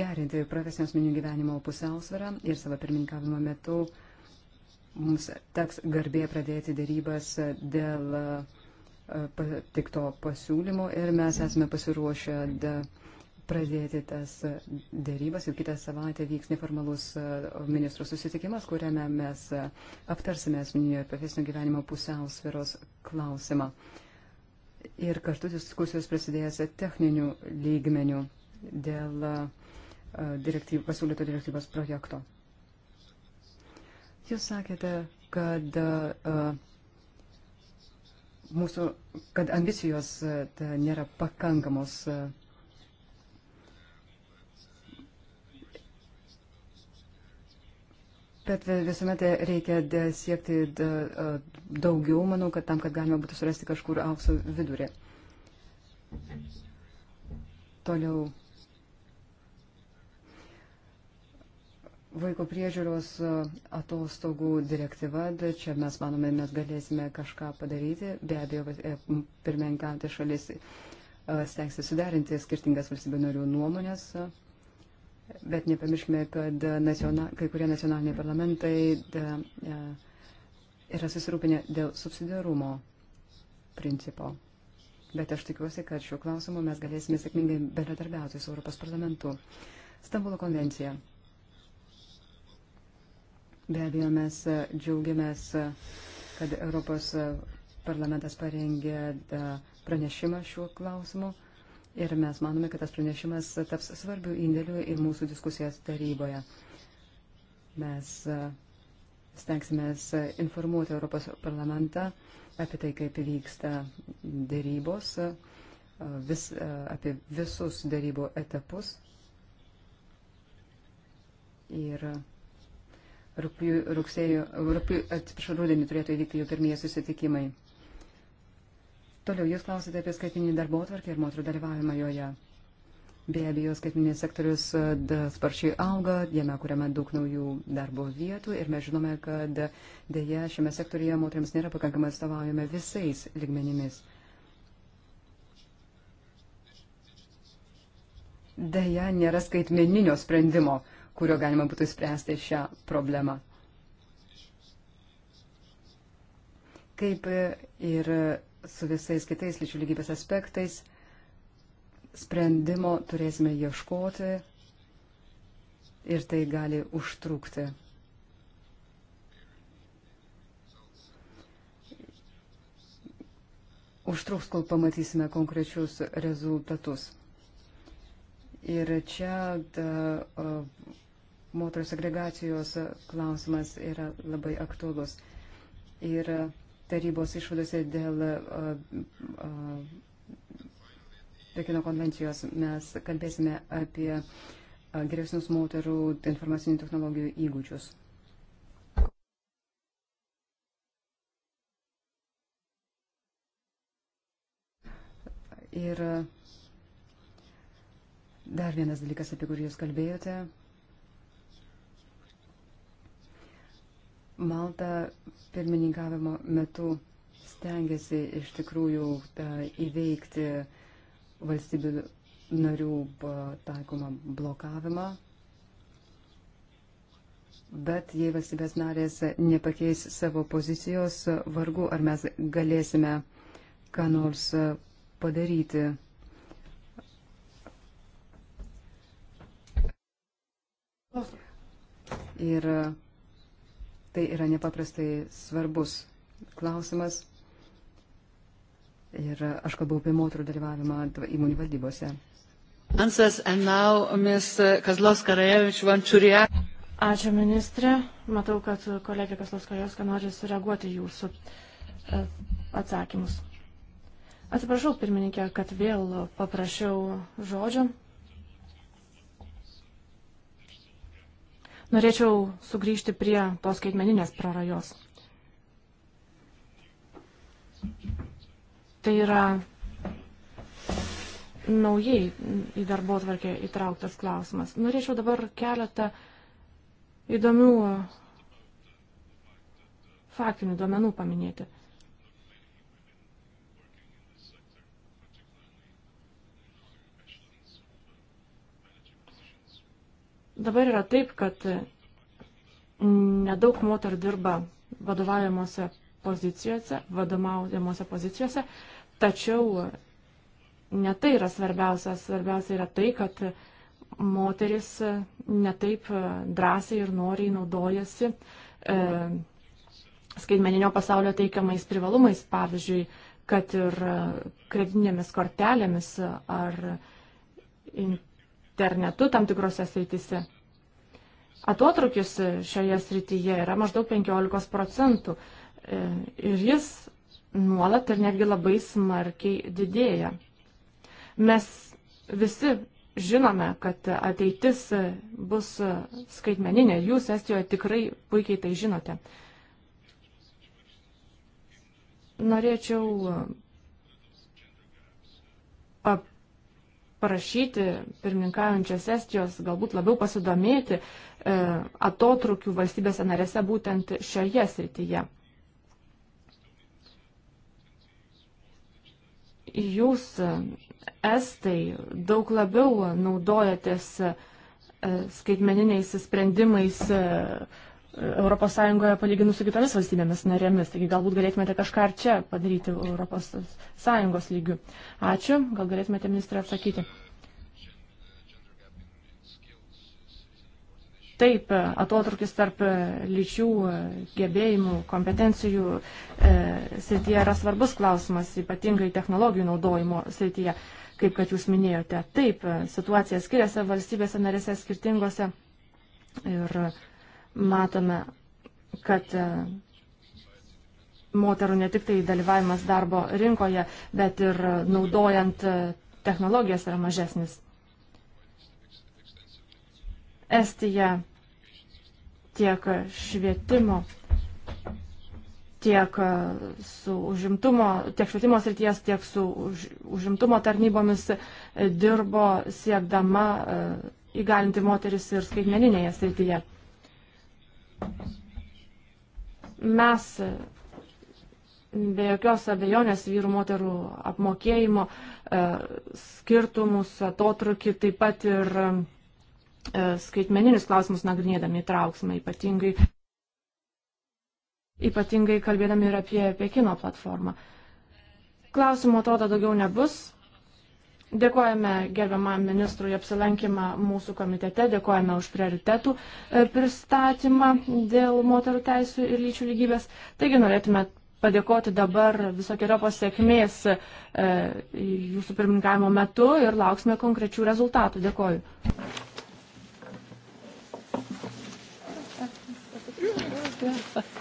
gerinti profesinio asmeninių gyvenimo pusiausvėrą ir savo pirmininkavimo metu mums teks garbė pradėti dėrybas dėl tik to pasiūlymo ir mes esame pasiruošę. Da, de pradėti tas dėrybas. Jau kitą savaitę vyks neformalus e, ministrų susitikimas, kuriame mes e, aptarsime asmeninio ir profesinio gyvenimo pusiausviros klausimą. Ir kartu diskusijos prasidėjęs techninių lygmenių dėl e, direktyv, pasiūlyto direktyvos projekto. Jūs sakėte, kad uh, mūsų, kad ambicijos nėra pakankamos. Uh, Bet visuomet reikia siekti daugiau, manau, kad tam, kad galima būtų surasti kažkur aukso vidurį. Toliau. Vaiko priežiūros atostogų direktyva, čia mes manome, mes galėsime kažką padaryti. Be abejo, e, pirmininkantė šalis stengsis suderinti skirtingas valstybių narių nuomonės. A, Bet nepamirškime, kad nacional, kai kurie nacionaliniai parlamentai da, e, yra susirūpinę dėl subsidiarumo principo. Bet aš tikiuosi, kad šiuo klausimu mes galėsime sėkmingai bendradarbiauti su Europos parlamentu. Stambulo konvencija. Be abejo, mes džiaugiamės, kad Europos parlamentas parengė pranešimą šiuo klausimu. Ir mes manome, kad tas pranešimas taps svarbių indėlių į mūsų diskusijas taryboje. Mes e, stengsimės informuoti Europos parlamentą apie tai, kaip vyksta dėrybos, e, vis, e, apie visus dėrybų etapus. Ir rugsėjo, rugsėjo, atsiprašau, rudenį turėtų įvykti jau pirmieji susitikimai. Toliau jūs klausite apie skaitinį darbo atvarkę ir moterų dalyvavimą joje. Be abejo, skaitminis sektorius e, sparčiai auga, jame kuriame daug naujų darbo vietų ir mes žinome, kad dėja šiame sektoriuje moteriams nėra pakankamai atstovaujama visais ligmenimis. Deja, nėra skaitmeninio sprendimo, kurio galima būtų spręsti šią problemą. Kaip ir su visais kitais lyčių lygybės aspektais. Sprendimo turėsime ieškoti ir tai gali užtrukti. Užtruks, kol pamatysime konkrečius rezultatus. Ir čia da, o, moterų segregacijos klausimas yra labai aktuolus. Ir tarybos išvadose dėl Pekino konvencijos mes kalbėsime apie geresnius moterų informacinių technologijų įgūdžius. Ir dar vienas dalykas, apie kurį jūs kalbėjote, Malta pirmininkavimo metu stengiasi iš tikrųjų ta, e, įveikti valstybių narių e, taikomą blokavimą, bet jei valstybės narės nepakeis savo pozicijos, vargu ar mes galėsime ką nors e, padaryti. Ir Tai yra nepaprastai svarbus klausimas. Ir aš kalbu apie moterų dalyvavimą įmonių valdybose. Ačiū ministrė. Matau, kad kolegė Kaslovskajovska nori sureaguoti jūsų e, atsakymus. Atsiprašau, pirmininkė, kad vėl paprašiau žodžio. Norėčiau sugrįžti prie tos skaitmeninės prarajos. Tai yra naujai į darbo tvarkę įtrauktas klausimas. Norėčiau dabar keletą įdomių faktinių duomenų paminėti. Dabar yra taip, kad nedaug moterų dirba vadovaujamosi pozicijose, vadovaujamosi pozicijose, tačiau ne tai yra svarbiausia. Svarbiausia yra tai, kad moteris netaip drąsiai ir noriai naudojasi e, skaitmeninio pasaulio teikiamais privalumais, pavyzdžiui, kad ir kreditinėmis kortelėmis ar internetu internetu tam tikrose srityse. Atotrukis šioje srityje yra maždaug 15 procentų e, ir jis nuolat ir netgi labai smarkiai didėja. Mes visi žinome, kad ateitis bus skaitmeninė, jūs Estijoje tikrai puikiai tai žinote. Norėčiau prašyti pirmininkaujančios Estijos galbūt labiau pasidomėti e, atotrukių valstybėse narėse būtent šioje srityje. Jūs, e, Estai, daug labiau naudojatės e, skaitmeniniais sprendimais e, ES palyginus su kitomis valstybėmis narėmis. Taigi galbūt galėtumėte kažką ir čia padaryti ES lygių. Ačiū. Gal galėtumėte ministrė atsakyti. Taip, atotrukis tarp lyčių gebėjimų, kompetencijų e, srityje yra svarbus klausimas, ypatingai technologijų naudojimo srityje, kaip kad jūs minėjote. Taip, situacija skiriasi valstybėse narėse skirtingose ir e, matome, kad e, moterų ne tik tai dalyvavimas darbo rinkoje, bet ir naudojant e, technologijas yra mažesnis. Estija tiek švietimo, tiek e, su užimtumo, tiek švietimo srities, tiek su už, užimtumo tarnybomis dirbo siekdama įgalinti moteris ir skaitmeninėje srityje. Mes be jokios abejonės vyrų moterų apmokėjimo e, skirtumus, atotrukį, taip pat ir e, skaitmeninius klausimus nagrinėdami įtrauksime ypatingai, ypatingai kalbėdami ir apie Pekino platformą. Klausimų atrodo daugiau nebus. Dėkojame gerbiamam ministrui apsilankimą mūsų komitete, dėkojame už prioritetų e, pristatymą dėl moterų teisų ir lyčių lygybės. Taigi norėtume padėkoti dabar visokiojo pasiekmės e, jūsų pirmininkavimo metu ir lauksime konkrečių rezultatų. Dėkoju. Yeah.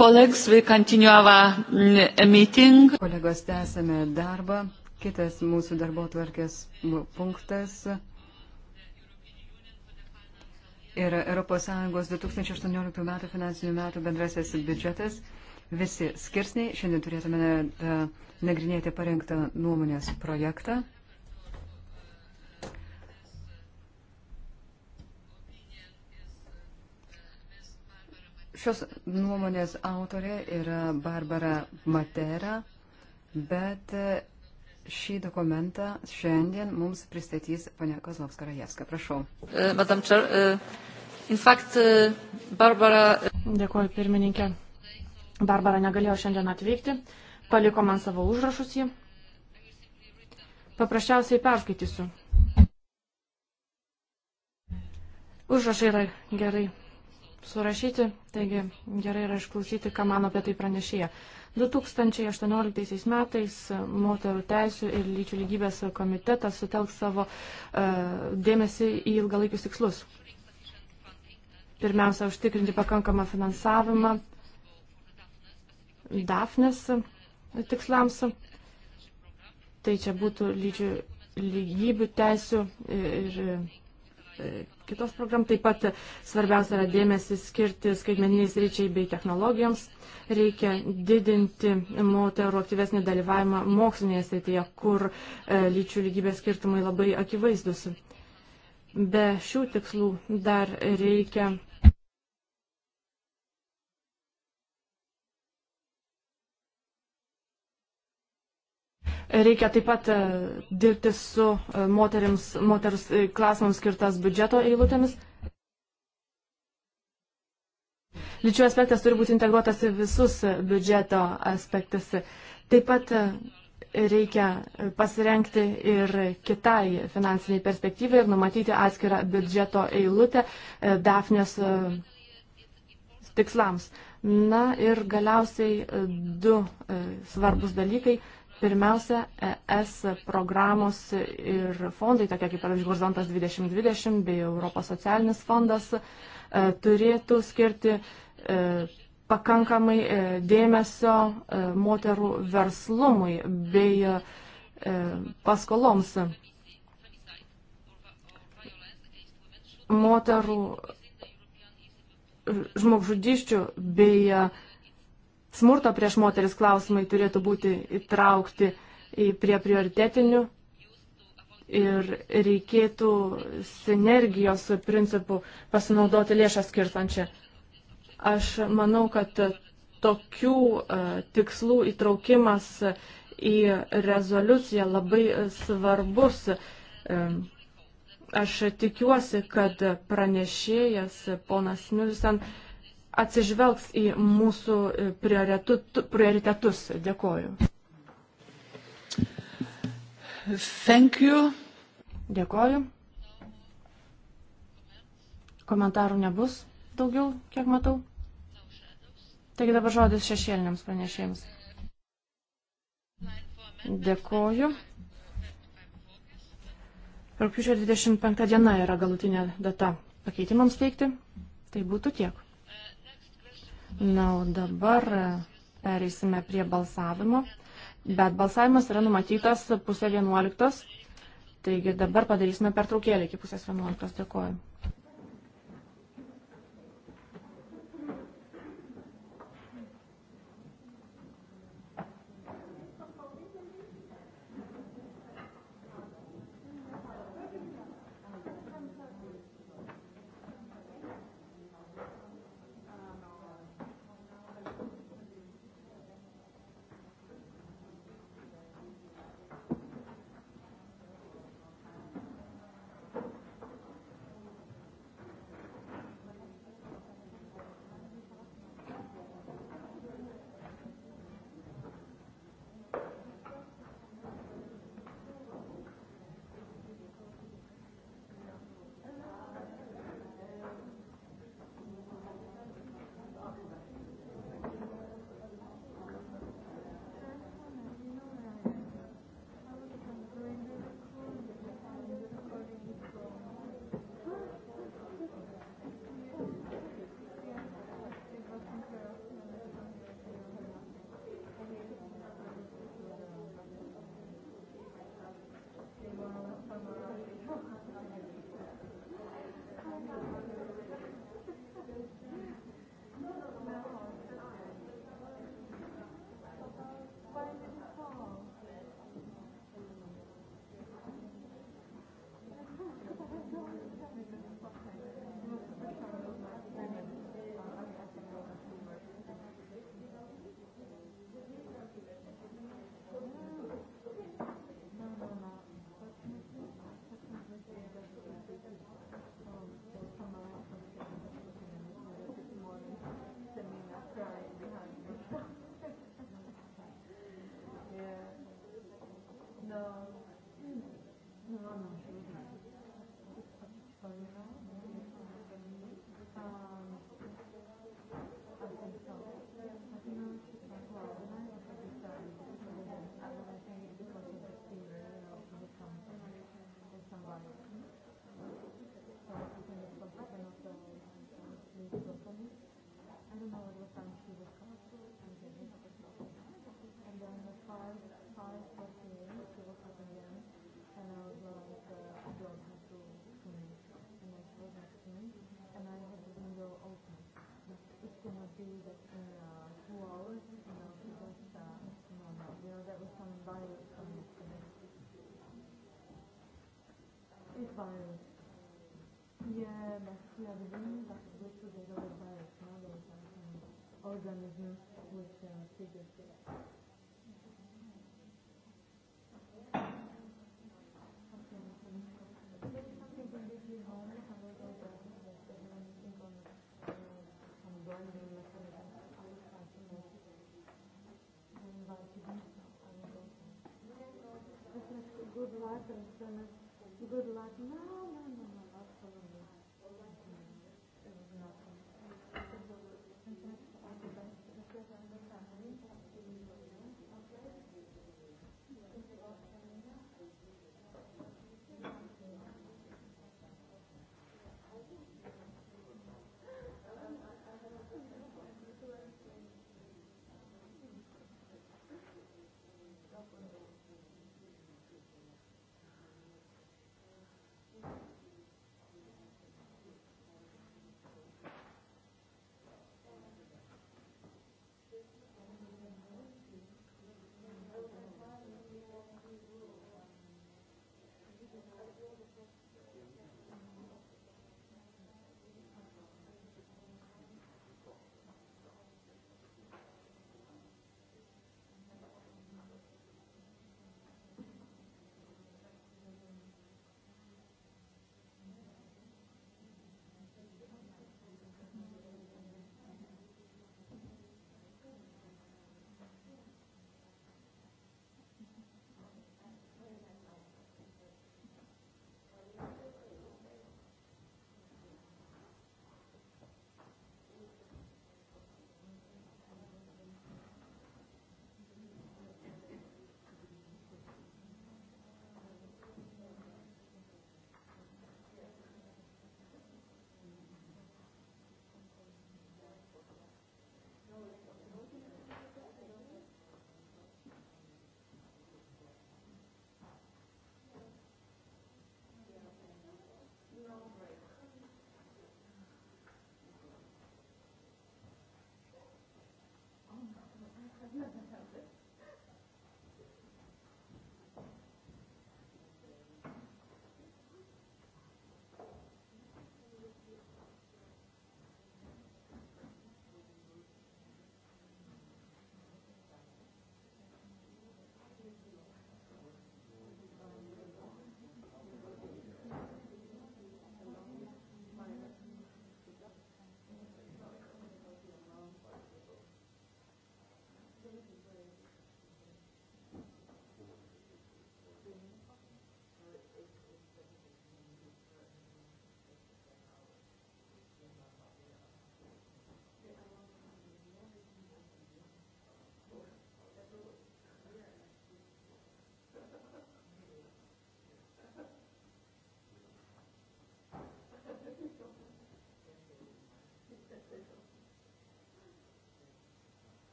Colleagues, we continue our mm, meeting. Kolegos, tęsame darbą. Kitas mūsų darbo tvarkės punktas yra ES 2018 m. finansinių metų bendrasis biudžetas. Visi skirsniai šiandien turėtume e, nagrinėti parengtą nuomonės projektą. Šios nuomonės autorė yra Barbara Matera, bet e, šį dokumentą šiandien mums pristatys ponia Kozlovska Rajevska. Prašau. E, Madam Čer, e, in fact, Barbara. Dėkuoju, pirmininkė. Barbara negalėjo šiandien atvykti, paliko man savo užrašus jį. Paprasčiausiai perskaitysiu. Užrašai yra gerai surašyti, taigi gerai yra išklausyti, ką mano apie tai pranešėja. 2018 metais moterų teisų ir lyčių lygybės komitetas sutelks savo uh, dėmesį į ilgalaikius tikslus. Pirmiausia, užtikrinti pakankamą finansavimą Dafnės tikslams. Tai čia būtų lyčių lygybių teisų ir, ir kitos program. Taip pat svarbiausia yra dėmesį skirti skaitmeniniais ryčiai bei technologijoms. Reikia didinti moterų aktyvesnį dalyvavimą mokslinėje srityje, kur e, lyčių lygybės skirtumai labai akivaizdus. Be šių tikslų dar reikia Reikia taip pat e, dirbti su e, moterims, moters e, klasmams skirtas biudžeto eilutėmis. Lyčių aspektas turi būti integruotas į visus biudžeto aspektus. Taip pat reikia pasirenkti ir kitai finansiniai perspektyvai ir numatyti atskirą biudžeto eilutę Dafnės tikslams. Na ir galiausiai du svarbus dalykai Pirmiausia, ES programos ir fondai, tokie kaip, pavyzdžiui, Horizontas 2020 bei Europos socialinis fondas, e, turėtų skirti e, pakankamai e, dėmesio moterų verslumui bei paskoloms. Moterų žmogžudyščių bei smurto prieš moteris klausimai turėtų būti įtraukti į prie prioritetinių ir reikėtų sinergijos principų pasinaudoti lėšą skirtančią. Aš manau, kad tokių e, tikslų įtraukimas į rezoliuciją labai svarbus. E, aš tikiuosi, kad pranešėjas ponas Nilsen atsižvelgs į mūsų e, prioritetus. Dėkoju. Thank you. Dėkoju. Komentarų nebus daugiau, kiek matau. Taigi dabar žodis šešėliniams pranešėjams. Dėkoju. Rūpiučio 25 diena yra galutinė data pakeitimams teikti. Tai būtų tiek. Na, o dabar e, pereisime prie balsavimo. Bet balsavimas yra numatytas pusė vienuoliktos. Taigi dabar padarysime pertraukėlį iki pusės vienuoliktos. Dėkuoju. virus. Yeah, bacteria, the venom that goes through the other virus, now there's an organism which uh, triggers it. Good life and good luck now.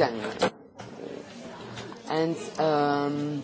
Afghanistan. And um,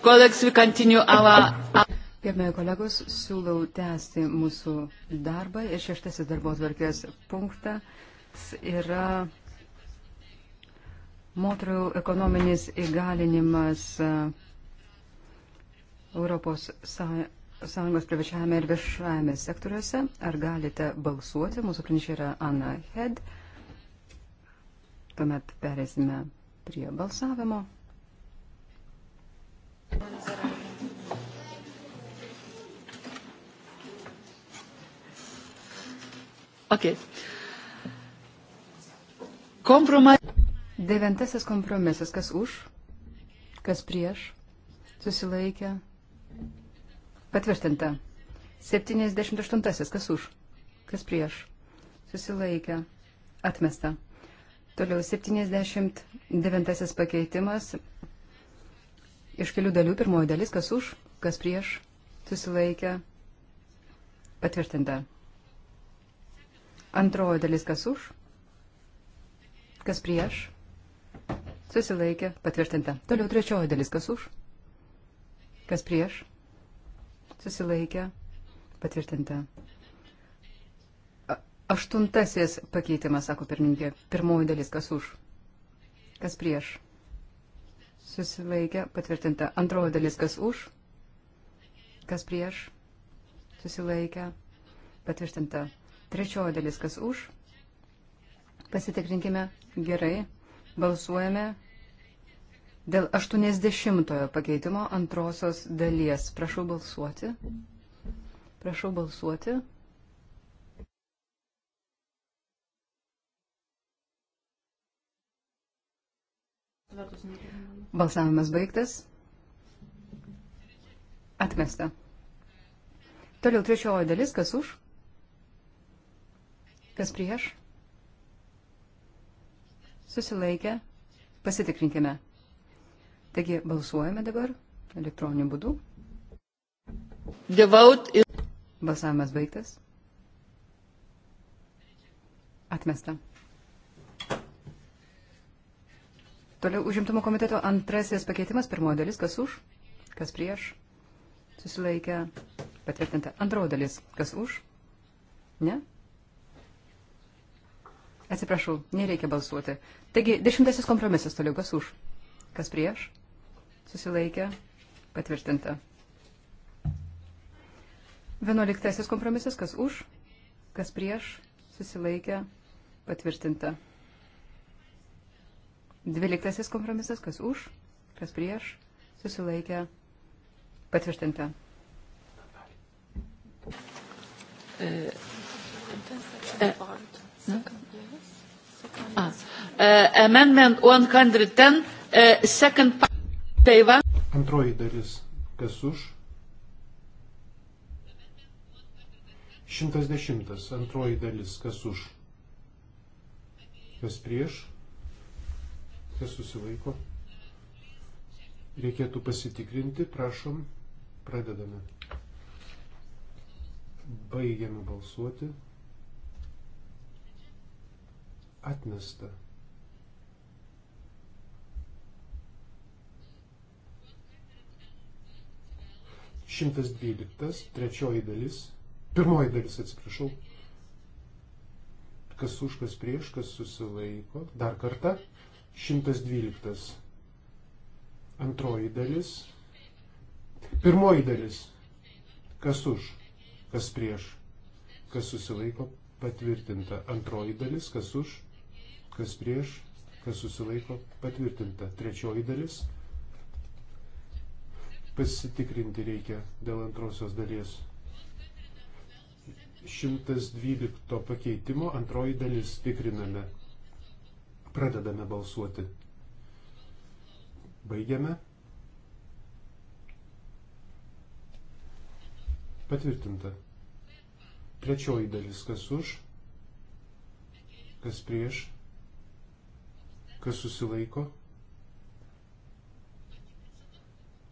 Colleagues, we continue our... Gerbėjai kolegos, siūlau tęsti mūsų darbą ir šeštasis darbo atvarkės punktas yra moterų ekonominis įgalinimas Europos Sąjungos privačiajame ir viešajame sektoriuose. Ar galite balsuoti? Mūsų pranešė yra Anna Head. Tuomet perėsime prie balsavimo. Okay. Kompromis. Devintasis kompromisas. Kas už? Kas prieš? Susilaikė. Patvirtinta. 78. Kas už? Kas prieš? Susilaikė. Atmesta. Toliau 79 pakeitimas. Iš kelių dalių pirmoji dalis, kas už, kas prieš, susilaikė, patvirtinta. Antroji dalis kas už, kas prieš, susilaikė, patvirtinta. Toliau trečioji dalis kas už, kas prieš, susilaikė, patvirtinta. Aštuntasis pakeitimas, sako pirmininkė. Pirmoji dalis, kas už? Kas prieš? Susilaikė, patvirtinta. Antroji dalis, kas už? Kas prieš? Susilaikė, patvirtinta. Trečioji dalis, kas už. Pasitikrinkime gerai. Balsuojame dėl 80 pakeitimo antrosios dalies. Prašau balsuoti. Prašau balsuoti. Balsavimas baigtas. Atmesta. Toliau trečioji dalis, kas už? Kas prieš? Susilaikę. Pasitikrinkime. Taigi balsuojame dabar elektroniniu būdu. Is... Balsavimas baigtas. Atmesta. Toliau užimtumo komiteto antrasis pakeitimas, pirmoji dalis, kas už, kas prieš, susilaikę, patvirtinta antroji dalis, kas už, ne, Atsiprašau, nereikia balsuoti. Taigi, dešimtasis kompromisas toliau, kas už, kas prieš, susilaikė, patvirtinta. Vienuoliktasis kompromisas, kas už, kas prieš, susilaikė, patvirtinta. Dvyliktasis kompromisas, kas už, kas prieš, susilaikė, patvirtinta. Uh, uh, uh. Ah. Uh, amendment 110, uh, second part. Taiwan. Antroji dalis. Kas už? 110. Antroji dalis. Kas už? Kas prieš? Kas susilaiko? Reikėtų pasitikrinti. Prašom. Pradedame. Baigiame balsuoti. Atmesta. Šimtas dvyliktas, trečioji dalis, pirmoji dalis, atsiprašau, kas už, kas prieš, kas susilaiko, dar kartą, šimtas dvyliktas, antroji dalis, pirmoji dalis, kas už, kas prieš, kas susilaiko, patvirtinta, antroji dalis, kas už, kas prieš, kas susilaiko, patvirtinta. Trečioji dalis. Pasitikrinti reikia dėl antrosios dalies. 112 pakeitimo antroji dalis tikriname. Pradedame balsuoti. Baigiame. Patvirtinta. Trečioji dalis, kas už, kas prieš, Kas susilaiko?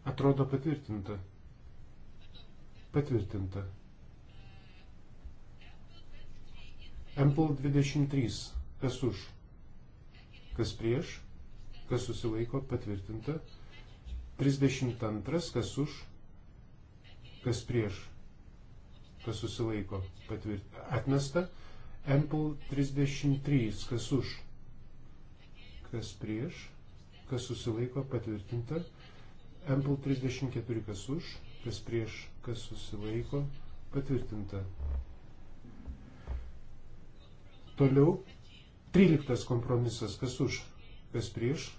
Atrodo patvirtinta. Patvirtinta. Ample 23. Kas už? Kas prieš? Kas susilaiko? Patvirtinta. 32. Kas už? Kas prieš? Kas susilaiko? Patvirtinta. Atmesta. Ample 33. Kas už? kas prieš, kas susilaiko patvirtinta. Ample 34 kas už, kas prieš, kas susilaiko patvirtinta. Toliau 13 kompromisas kas už, kas prieš,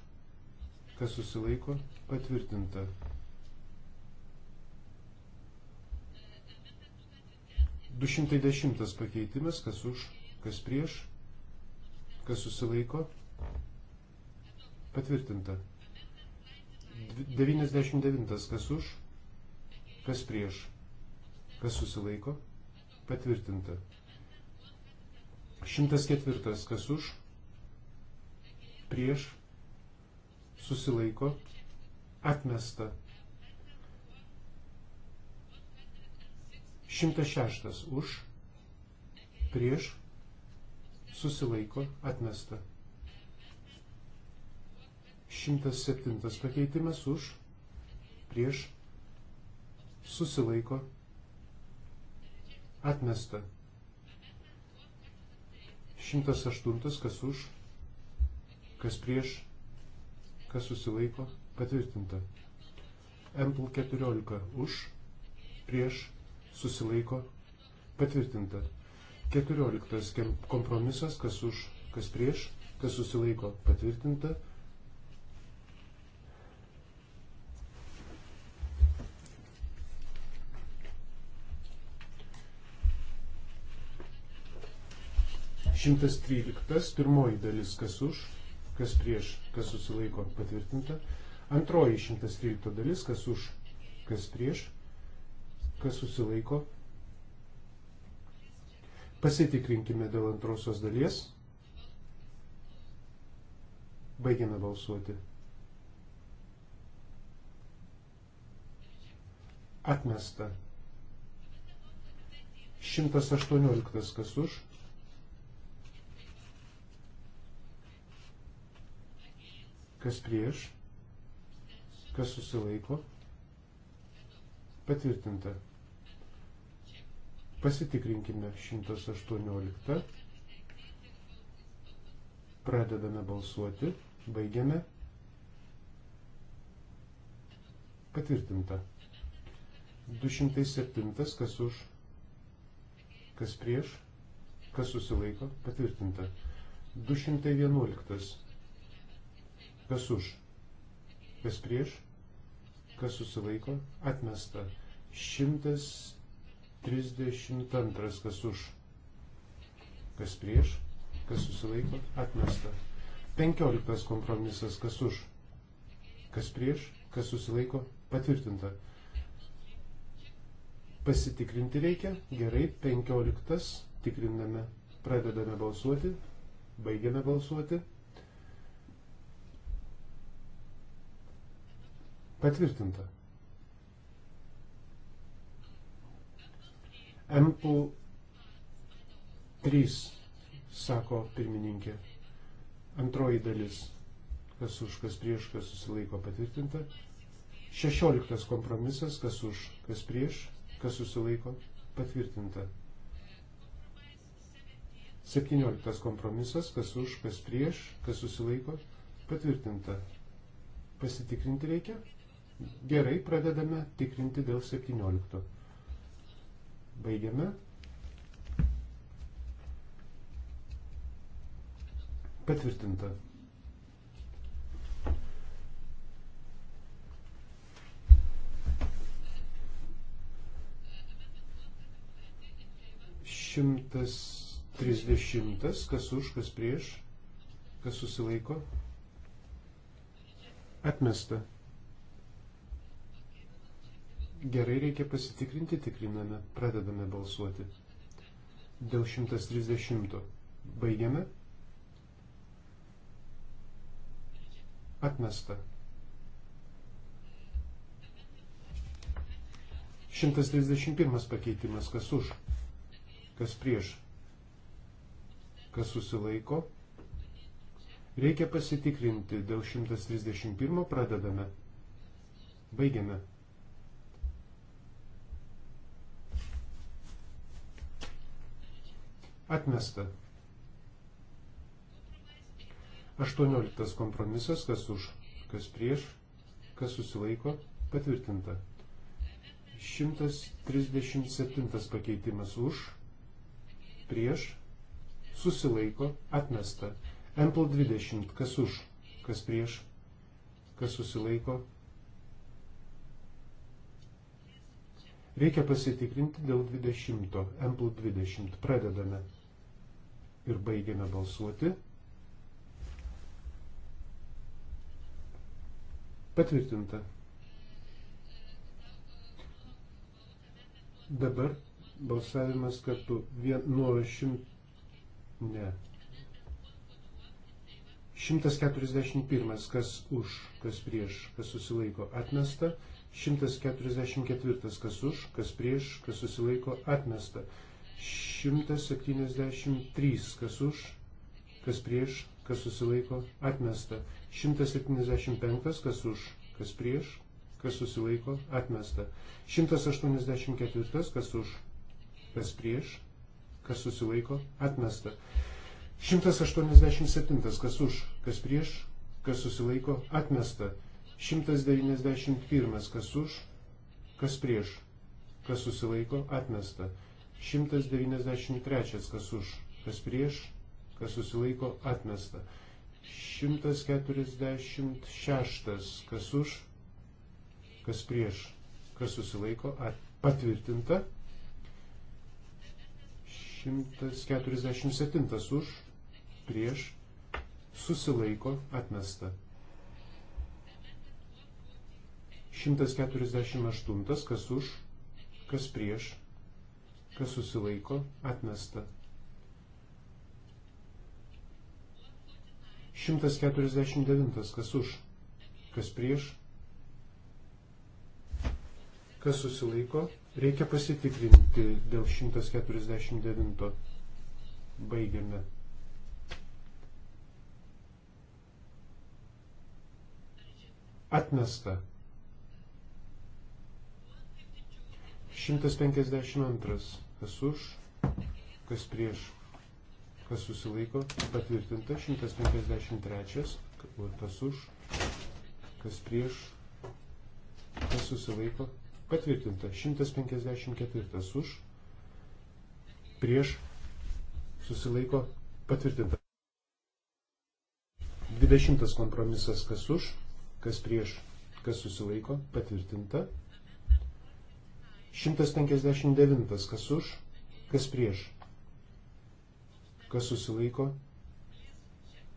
kas susilaiko patvirtinta. Du šimtai dešimtas pakeitimas, kas už, kas prieš, kas susilaiko, Patvirtinta. 99. Kas už? Kas prieš? Kas susilaiko? Patvirtinta. 104. Kas už? Prieš? Susilaiko? Atmesta. 106. Už? Prieš? Susilaiko? Atmesta. 107 pakeitimas už, prieš, susilaiko, atmesta. 108 kas už, kas prieš, kas susilaiko, patvirtinta. Ample 14 už, prieš, susilaiko, patvirtinta. 14 kompromisas, kas už, kas prieš, kas susilaiko, patvirtinta. 113, pirmoji dalis, kas už, kas prieš, kas susilaiko patvirtinta. Antroji 113 dalis, kas už, kas prieš, kas susilaiko. Pasitikrinkime dėl antrosios dalies. Baigiame balsuoti. Atmesta. 118 kas už, kas prieš, kas susilaiko, patvirtinta. Pasitikrinkime 118. Pradedame balsuoti, baigiame. Patvirtinta. 207. Kas už, kas prieš, kas susilaiko, patvirtinta. 211 Kas už? Kas prieš? Kas susilaiko? Atmesta. 132. Kas už? Kas prieš? Kas susilaiko? Atmesta. 15. Kompromisas. Kas už? Kas prieš? Kas susilaiko? Patvirtinta. Pasitikrinti reikia. Gerai. 15. Tikriname. Pradedame balsuoti. Baigiame balsuoti. Patvirtinta. MPL 3, sako pirmininkė. Antroji dalis. Kas už, kas prieš, kas susilaiko patvirtinta. Šešioliktas kompromisas. Kas už, kas prieš, kas susilaiko patvirtinta. 17 kompromisas, kas už, kas prieš, kas susilaiko, patvirtinta. Pasitikrinti reikia? Gerai, pradedame tikrinti dėl 17. Baigiame. Patvirtinta. Šimtas trisdešimtas, kas už, kas prieš, kas susilaiko. Atmesta. Gerai, reikia pasitikrinti, tikriname, pradedame balsuoti. Dėl 130. Baigiame. Atmesta. 131 pakeitimas. Kas už? Kas prieš? Kas susilaiko? Reikia pasitikrinti. Dėl 131 pradedame. Baigiame. Atmesta. 18 kompromisas, kas už, kas prieš, kas susilaiko, patvirtinta. 137 pakeitimas už, prieš, susilaiko, atmesta. Ample 20, kas už, kas prieš, kas susilaiko. Reikia pasitikrinti dėl 20, Ample 20, pradedame ir baigiame balsuoti. Patvirtinta. Dabar balsavimas kartu vien, nuo šimt... Ne. 141. Kas už, kas prieš, kas susilaiko atmesta. 144. Kas už, kas prieš, kas susilaiko atmesta. 173, kas už, kas prieš, kas susilaiko, atmesta. 175, kas už, kas prieš, kas susilaiko, atmesta. 184, kas už, kas prieš, kas susilaiko, atmesta. 187, kas už, kas prieš, kas susilaiko, atmesta. 191, kas už, kas prieš, kas susilaiko, atmesta. 193 kas už, kas prieš, kas susilaiko atmesta. 146 kas už, kas prieš, kas susilaiko at, patvirtinta. 147 už, prieš, susilaiko atmesta. 148 kas už, kas prieš, kas susilaiko, atmesta. 149. Kas už? Kas prieš? Kas susilaiko? Reikia pasitikrinti dėl 149. Baigiame. Atmesta. 152. Kas už, kas prieš, kas susilaiko, patvirtinta. 153, kas už, kas prieš, kas susilaiko, patvirtinta. 154 už, prieš, susilaiko, patvirtinta. 20 kompromisas, kas už, kas prieš, kas susilaiko, patvirtinta. 159. Kas už, kas prieš, kas susilaiko.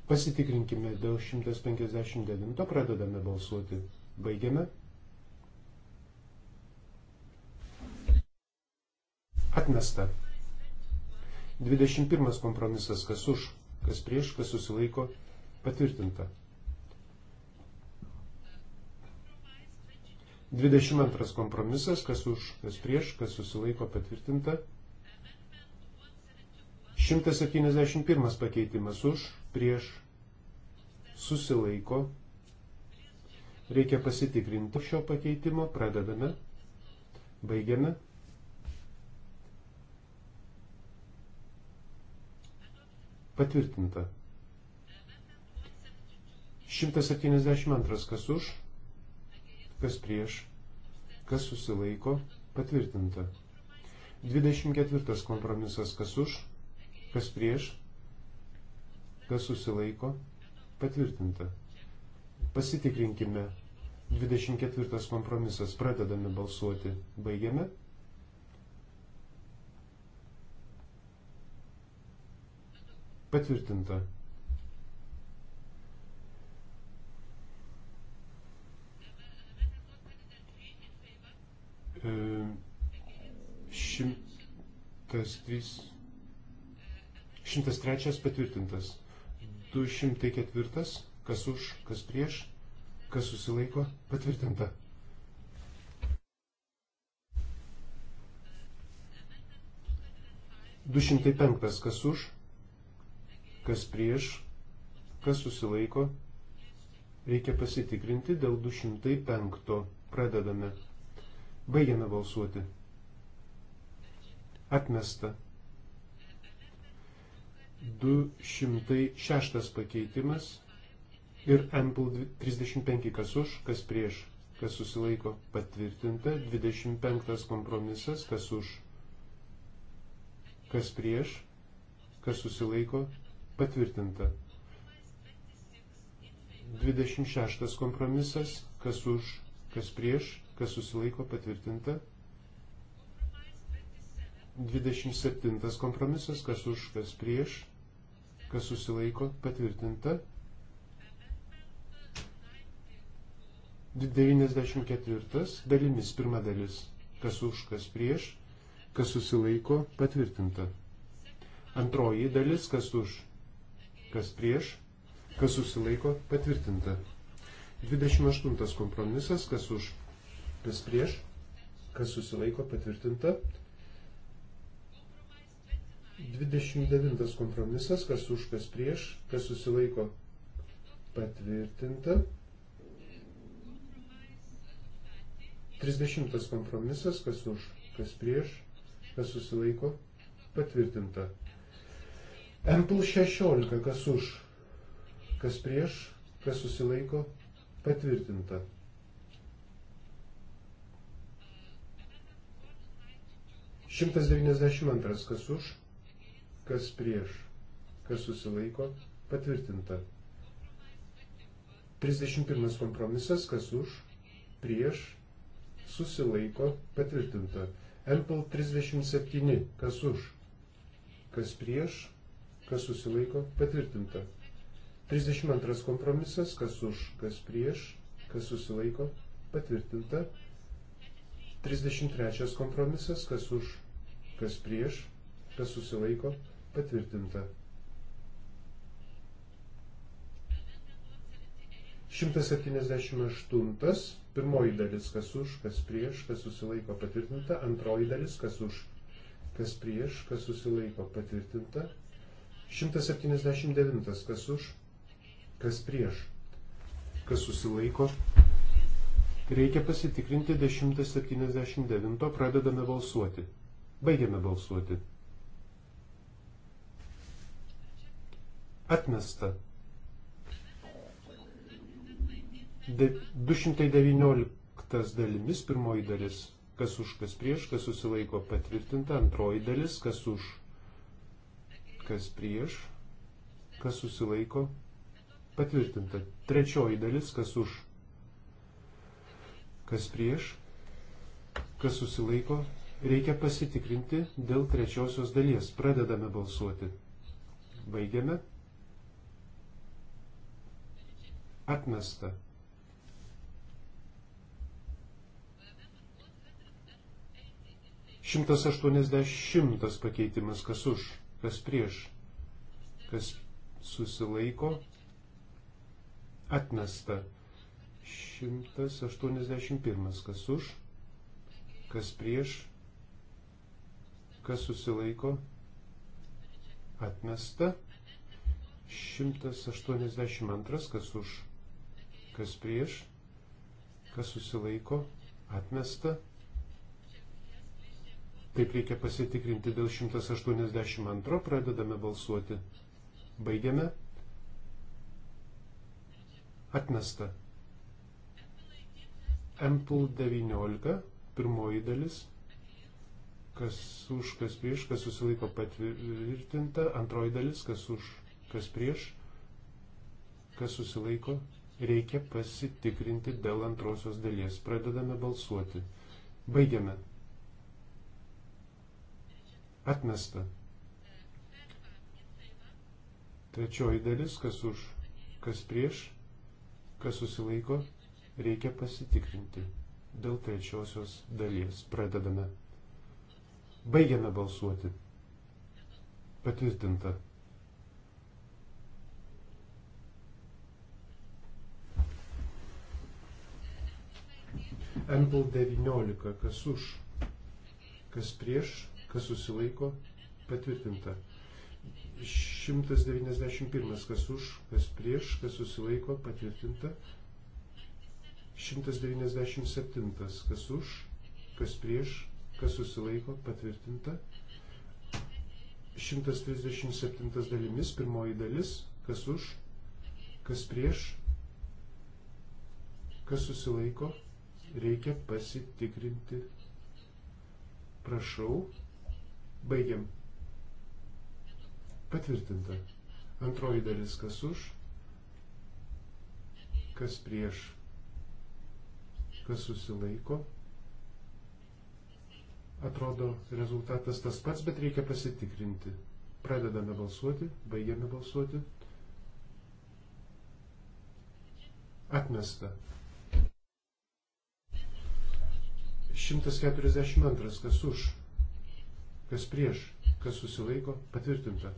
Pasitikrinkime dėl 159. Pradedame balsuoti. Baigiame. Atmesta. 21 kompromisas, kas už, kas prieš, kas susilaiko, patvirtinta. 22 kompromisas, kas už, kas prieš, kas susilaiko patvirtinta. 171 pakeitimas už, prieš, susilaiko. Reikia pasitikrinti šio pakeitimo, pradedame, baigiame. Patvirtinta. 172 kas už, kas prieš, kas susilaiko, patvirtinta. 24 kompromisas, kas už, kas prieš, kas susilaiko, patvirtinta. Pasitikrinkime. 24 kompromisas, pradedame balsuoti, baigiame. Patvirtinta. 103, e, 103 patvirtintas. 204, kas už, kas prieš, kas susilaiko, patvirtinta. Du šimtai penktas, kas už, kas prieš, kas susilaiko, reikia pasitikrinti dėl 205. Pradedame. Baigiame balsuoti. Atmesta. 206 pakeitimas ir MPL 35 kas už, kas prieš, kas susilaiko patvirtinta, 25 kompromisas, kas už, kas prieš, kas susilaiko patvirtinta. 26 kompromisas, kas už, kas prieš, kas susilaiko patvirtinta. 27 kompromisas, kas už, kas prieš, kas susilaiko patvirtinta. 94 dalimis pirma dalis, kas už, kas prieš, kas susilaiko patvirtinta. Antroji dalis, kas už, kas prieš, kas susilaiko patvirtinta. 28 kompromisas, kas už, kas prieš, kas susilaiko patvirtinta. 29 kompromisas, kas už, kas prieš, kas susilaiko patvirtinta. 30 kompromisas, kas už, kas prieš, kas susilaiko patvirtinta. Ample 16, kas už, kas prieš, kas susilaiko patvirtinta. 192. Kas už, kas prieš, kas susilaiko, patvirtinta. 31. Kompromisas. Kas už, prieš, susilaiko, patvirtinta. MPL 37. Kas už, kas prieš, kas susilaiko, patvirtinta. 32 kompromisas, kas už, kas prieš, kas susilaiko, patvirtinta. 33 kompromisas, kas už, kas prieš, kas susilaiko, patvirtinta. 178. Pirmoji dalis, kas už, kas prieš, kas susilaiko patvirtinta. Antroji dalis, kas už, kas prieš, kas susilaiko patvirtinta. 179. Kas už, kas prieš, kas susilaiko. Reikia pasitikrinti 179. Pradedame balsuoti. Baigiame balsuoti. Atmesta. De, 219 dalimis pirmoji dalis. Kas už, kas prieš, kas susilaiko patvirtinta. Antroji dalis. Kas už, kas prieš, kas susilaiko patvirtinta. Trečioji dalis. Kas už, kas prieš, kas susilaiko patvirtinta Reikia pasitikrinti dėl trečiosios dalies. Pradedame balsuoti. Baigiame. Atmesta. Šimtas aštuoniasdešimtas pakeitimas, kas už, kas prieš, kas susilaiko, atmesta. 181. Kas už, kas prieš, Kas susilaiko? Atmesta. 182. Kas už? Kas prieš? Kas susilaiko? Atmesta. Taip reikia pasitikrinti dėl 182, pradedame balsuoti. Baigiame. Atmesta. Ample 19, pirmoji dalis kas už, kas prieš, kas susilaiko patvirtinta. Antroji dalis, kas už, kas prieš, kas susilaiko. Reikia pasitikrinti dėl antrosios dalies. Pradedame balsuoti. Baigiame. Atmesta. Trečioji dalis, kas už, kas prieš, kas susilaiko, reikia pasitikrinti. Dėl trečiosios dalies pradedame. Baigiame balsuoti. Patvirtinta. Ample 19, kas už, kas prieš, kas susilaiko, patvirtinta. 191, kas už, kas prieš, kas susilaiko, patvirtinta. 197, kas už, kas prieš, kas susilaiko, patvirtinta. 137 dalimis, pirmoji dalis, kas už, kas prieš, kas susilaiko, reikia pasitikrinti. Prašau, baigiam. Patvirtinta. Antroji dalis, kas už, kas prieš, kas susilaiko, Atrodo, rezultatas tas pats, bet reikia pasitikrinti. Pradedame balsuoti, baigiame balsuoti. Atmesta. 142. Kas už? Kas prieš? Kas susilaiko? Patvirtinta.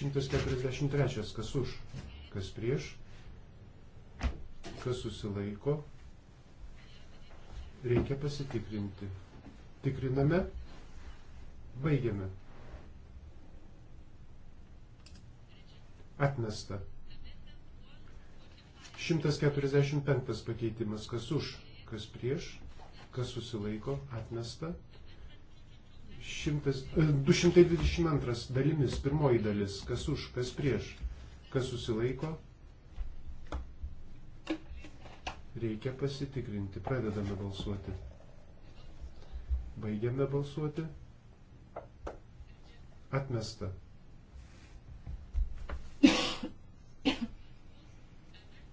143. Kas už? Kas prieš? Kas susilaiko? Reikia pasitikrinti. Tikriname. Baigiame. Atmesta. 145 pakeitimas. Kas už, kas prieš, kas susilaiko, atmesta. 100, 222 e, dalimis, pirmoji dalis, kas už, kas prieš, kas susilaiko. Reikia pasitikrinti, pradedame balsuoti. Baigiame balsuoti. Atmesta.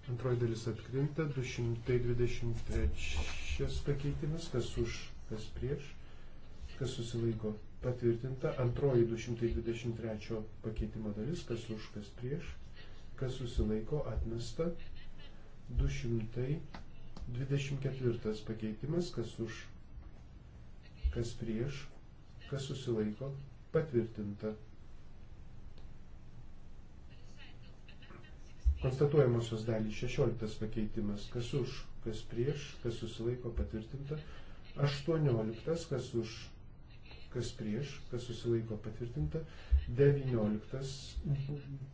Antroji dalis atkrinta. 223 pakeitimas. Kas už, kas prieš, kas susilaiko. Patvirtinta. Antroji 223 pakeitimo dalis. Kas už, kas prieš, kas susilaiko. Atmesta. 224 pakeitimas. Kas už, kas prieš, kas susilaiko, patvirtinta. Konstatuojamosios dalys 16 pakeitimas, kas už, kas prieš, kas susilaiko, patvirtinta. 18, kas už, kas prieš, kas susilaiko, patvirtinta. 19,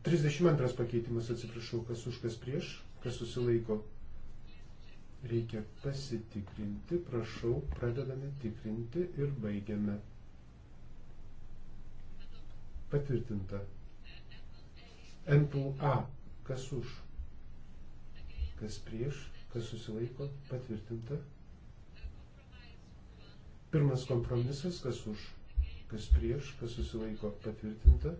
32 pakeitimas, atsiprašau, kas už, kas prieš, kas susilaiko, reikia pasitikrinti, prašau, pradedame tikrinti ir baigiame. Patvirtinta. NPA. Kas už? Kas prieš? Kas susilaiko? Patvirtinta. Pirmas kompromisas. Kas už? Kas prieš? Kas susilaiko? Patvirtinta.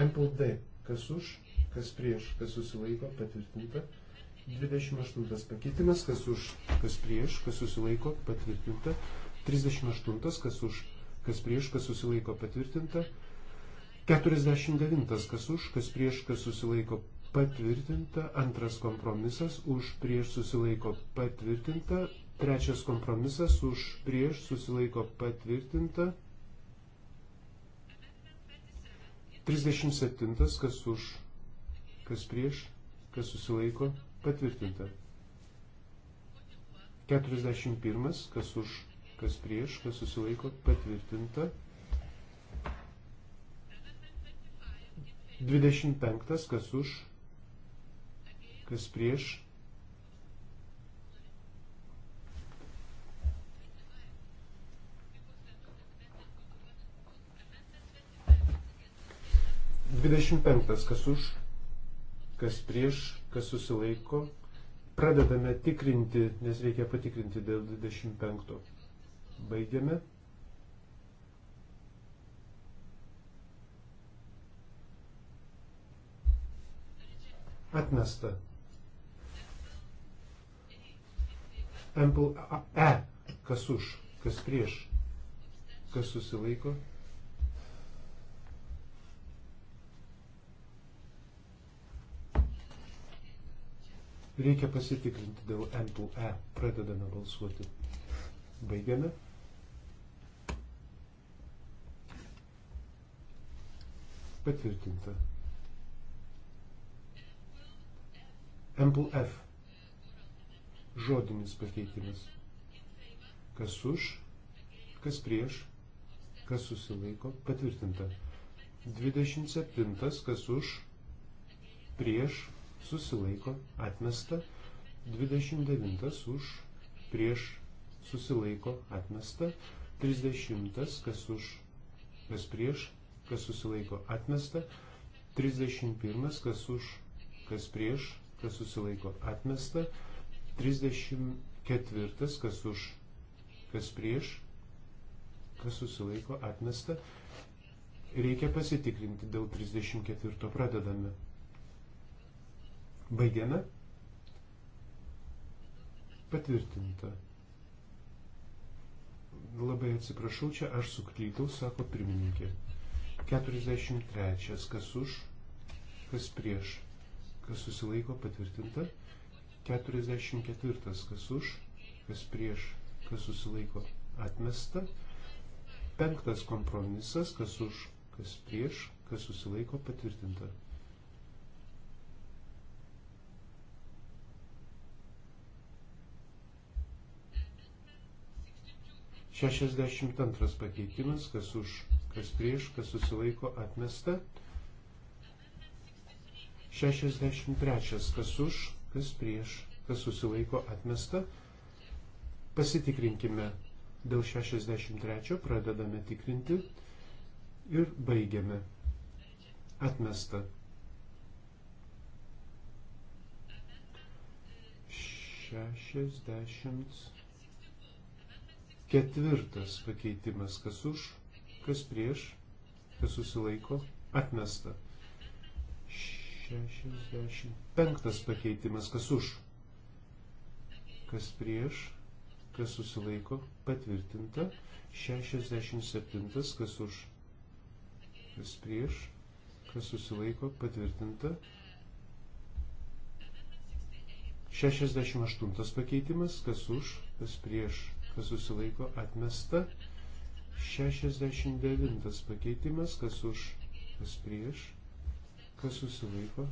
MPLD. Kas už? kas prieš, kas susilaiko, patvirtinta. 28 pakeitimas, kas už, kas prieš, kas susilaiko, patvirtinta. 38, kas už, kas prieš, kas susilaiko, patvirtinta. 49, kas už, kas prieš, kas susilaiko, patvirtinta. Antras kompromisas, už, prieš, susilaiko, patvirtinta. Trečias kompromisas, už, prieš, susilaiko, patvirtinta. 37, kas už, kas prieš, kas susilaiko, patvirtinta. 41, kas už, kas prieš, kas susilaiko, patvirtinta. 25, kas už, kas prieš. Dvidešimt penktas, kas už, kas prieš, kas susilaiko. Pradedame tikrinti, nes reikia patikrinti dėl 25. Baigiame. Atmesta. Ample E. Kas už, kas prieš, kas susilaiko. Reikia pasitikrinti dėl MPE. Pradedame balsuoti. Baigiame. Patvirtinta. MPF. Žodinis pakeitimas. Kas už, kas prieš, kas susilaiko. Patvirtinta. 27. Kas už, prieš, susilaiko atmesta, 29 už prieš susilaiko atmesta, 30 kas už kas prieš, kas susilaiko atmesta, 31 kas už kas prieš, kas susilaiko atmesta, 34 kas už kas prieš, kas susilaiko atmesta. Reikia pasitikrinti dėl 34 pradedame. Baigiame. Patvirtinta. Labai atsiprašau, čia aš suklydau, sako pirmininkė. 43. Kas už, kas prieš, kas susilaiko patvirtinta. 44. Kas už, kas prieš, kas susilaiko atmesta. Penktas kompromisas, kas už, kas prieš, kas susilaiko patvirtinta. 62 pakeitimas, kas už, kas prieš, kas susilaiko atmesta. 63 kas už, kas prieš, kas susilaiko atmesta. Pasitikrinkime dėl 63, pradedame tikrinti ir baigiame. Atmesta. 60. Ketvirtas pakeitimas, kas už, kas prieš, kas susilaiko, atmesta. 65 pakeitimas, kas už, kas prieš, kas susilaiko, patvirtinta. 67, kas už, kas prieš, kas susilaiko, patvirtinta. 68 pakeitimas, kas už, kas prieš, kas susilaiko atmesta. 69 pakeitimas, kas už, kas prieš, kas susilaiko.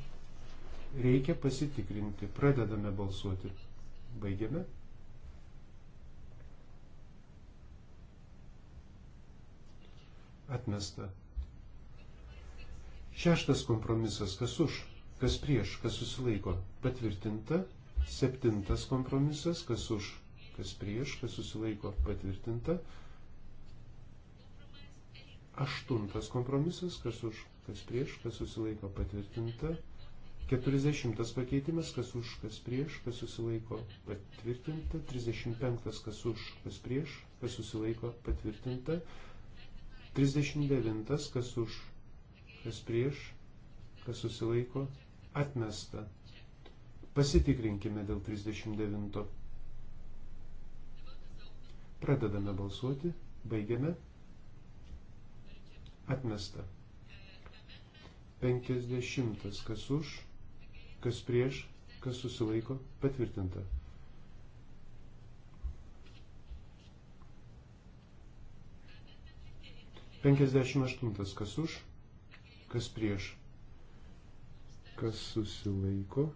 Reikia pasitikrinti. Pradedame balsuoti. Baigiame. Atmesta. Šeštas kompromisas, kas už, kas prieš, kas susilaiko. Patvirtinta. Septintas kompromisas, kas už, kas prieš, kas susilaiko patvirtinta. Aštuntas kompromisas, kas už, kas prieš, kas susilaiko patvirtinta. Keturisdešimtas pakeitimas, kas už, kas prieš, kas susilaiko patvirtinta. Trisdešimt penktas, kas už, kas prieš, kas susilaiko patvirtinta. Trisdešimt devintas, kas už, kas prieš, kas susilaiko atmesta. Pasitikrinkime dėl 39. Pradedame balsuoti, baigiame. Atmesta. 50. Kas už, kas prieš, kas susilaiko, patvirtinta. Penkiasdešimt aštuntas, kas už, kas prieš, kas susilaiko,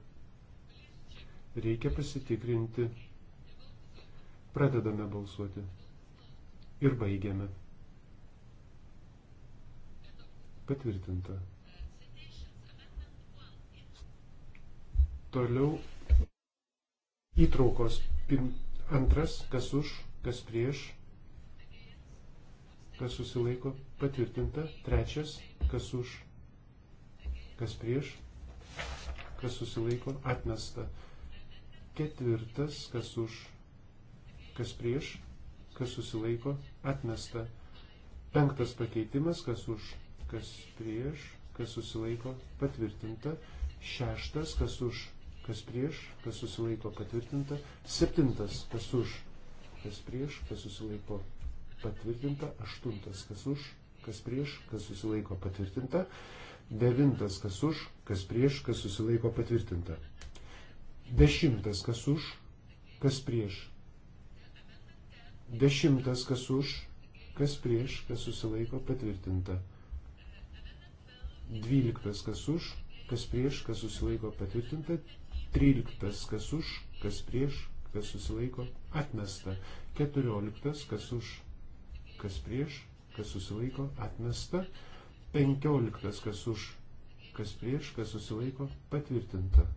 reikia pasitikrinti Pradedame balsuoti. Ir baigiame. Patvirtinta. Toliau įtraukos pir... antras, kas už, kas prieš, kas susilaiko, patvirtinta. Trečias, kas už, kas prieš, kas susilaiko, atmesta. Ketvirtas, kas už, kas prieš, kas susilaiko, atmesta. Penktas pakeitimas, kas už, kas prieš, kas susilaiko, patvirtinta. Šeštas, kas už, kas prieš, kas susilaiko, patvirtinta. Septintas, kas už, kas prieš, kas susilaiko, patvirtinta. Aštuntas, kas už, kas prieš, kas susilaiko, patvirtinta. Devintas, kas už, kas prieš, kas susilaiko, patvirtinta. Dešimtas, kas už, kas prieš, Dešimtas, kas už, kas prieš, kas susilaiko, patvirtinta. Dvyliktas, kas už, kas prieš, kas susilaiko, patvirtinta. Tryliktas, kas už, kas prieš, kas susilaiko, atmesta. Keturioliktas, kas už, kas prieš, kas susilaiko, atmesta. Penkioliktas, kas už, kas prieš, kas susilaiko, patvirtinta.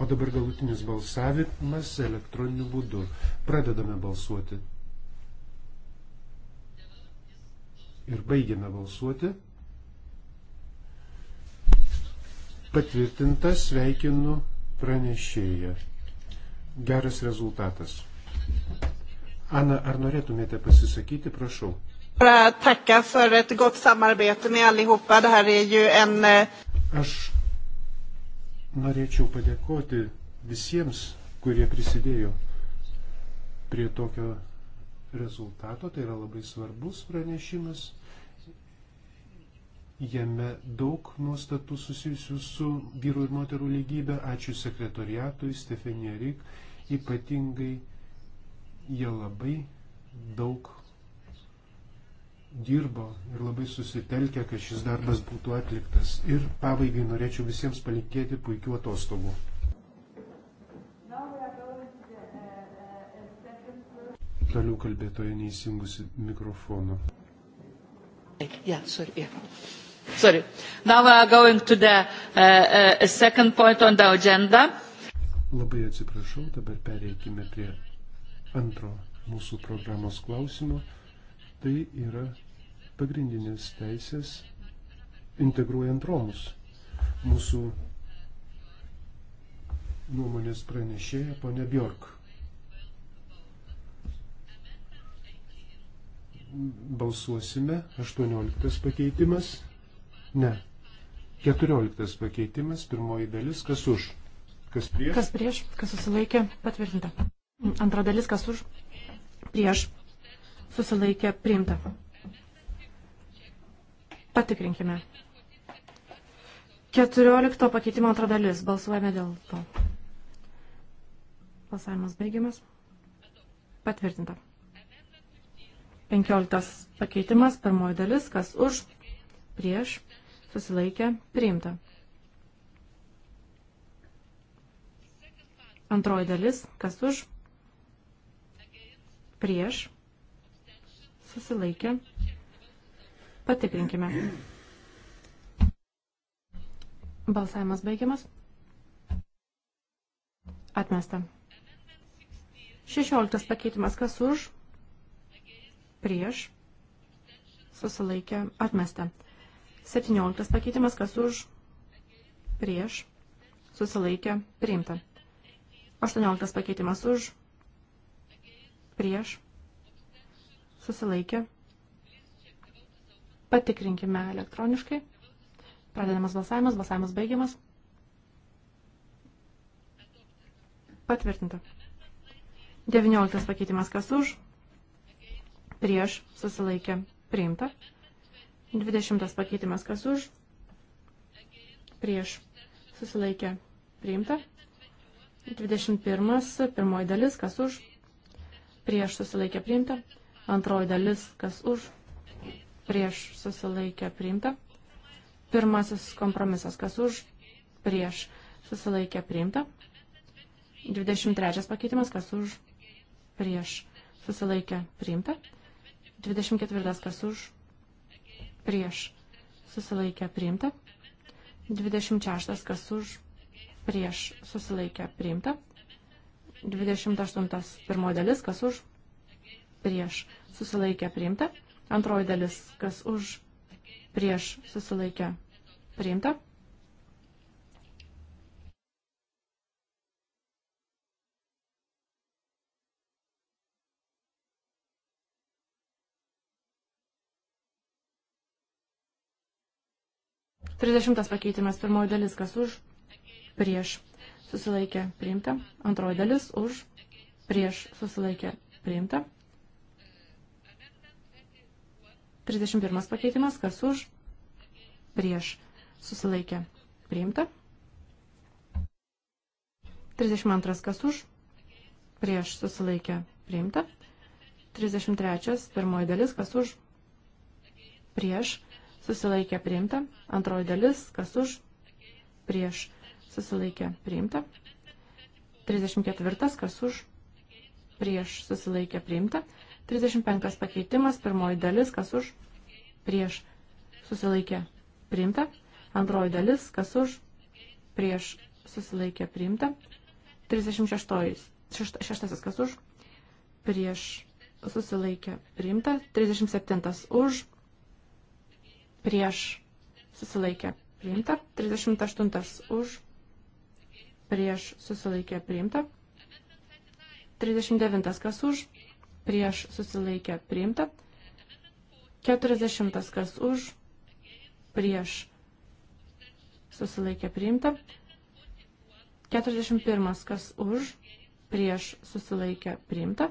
O dabar galutinis balsavimas elektroniniu būdu. Pradedame balsuoti. Ir baigiame balsuoti. Patvirtinta sveikinu pranešėją. Geras rezultatas. Ana, ar norėtumėte pasisakyti, prašau. Eh, Aš Norėčiau padėkoti visiems, kurie prisidėjo prie tokio rezultato. Tai yra labai svarbus pranešimas. Jame daug nuostatų susijusių su vyrų ir moterų lygybė. Ačiū sekretoriatui, Stefanija Rik. Ypatingai jie labai daug dirbo ir labai susitelkė, kad šis darbas būtų atliktas. Ir pabaigai norėčiau visiems palinkėti puikių atostogų. Toliau kalbėtoje neįsijungusi mikrofono. Yeah, sorry, yeah. Sorry. Now we are going to the uh, uh, second point on the agenda. Labai atsiprašau, dabar pereikime prie antro mūsų programos klausimo. Tai yra pagrindinės teisės integruojant Romus. Mūsų nuomonės pranešėja ponė Bjork. Balsuosime. 18 pakeitimas. Ne. 14 pakeitimas. Pirmoji dalis. Kas už? Kas prieš? Kas prieš? Kas susilaikė? Patvirtinta. Antra dalis. Kas už? Prieš susilaikė priimta. Patikrinkime. 14 pakeitimo antra dalis. Balsuojame dėl to. Balsavimas baigiamas. Patvirtinta. 15 pakeitimas, pirmoji dalis, kas už, prieš, susilaikė, priimta. Antroji dalis, kas už, prieš, susilaikė. Patikrinkime. Balsavimas baigiamas. Atmesta. 16 pakeitimas kas už, prieš, susilaikė, atmesta. 17 pakeitimas kas už, prieš, susilaikė, priimta. 18 pakeitimas už, prieš, susilaikė. Patikrinkime elektroniškai. Pradedamas balsavimas, balsavimas baigiamas. Patvirtinta. 19 pakeitimas kas už, prieš susilaikė priimta. 20 pakeitimas kas už, prieš susilaikė priimta. 21 pirmoji dalis kas už, prieš susilaikė priimta. Antroji dalis, kas už, prieš susilaikė priimta. Pirmasis kompromisas, kas už, prieš susilaikė priimta. 23 pakeitimas, kas už, prieš susilaikė priimta. 24 kas už, prieš susilaikė priimta. 26 kas už, prieš susilaikė priimta. 28 pirmo dalis, kas už, prieš susilaikė priimta prieš susilaikė priimta. Antroji dalis, kas už, prieš susilaikė priimta. Trisdešimtas pakeitimas, pirmoji dalis, kas už, prieš susilaikė priimta. Antroji dalis už, prieš susilaikė priimta. 31 pakeitimas, kas už, prieš, susilaikė, priimta. 32 kas už, prieš, susilaikė, priimta. 33 pirmoji dalis, kas už, prieš, susilaikė, priimta. Antroji dalis, kas už, prieš, susilaikė, priimta. 34 kas už, prieš, susilaikė, priimta. 35 pakeitimas, pirmoji dalis, kas už, prieš, susilaikė, priimta. Antroji dalis, kas už, prieš, susilaikė, priimta. 36, šeštasis, kas už, prieš, susilaikė, priimta. 37 už, prieš, susilaikė, priimta. 38 už, prieš, susilaikė, priimta. 39 kas už, prieš susilaikę priimta. 40 kas už, prieš susilaikę priimta. 41 kas už, prieš susilaikę priimta.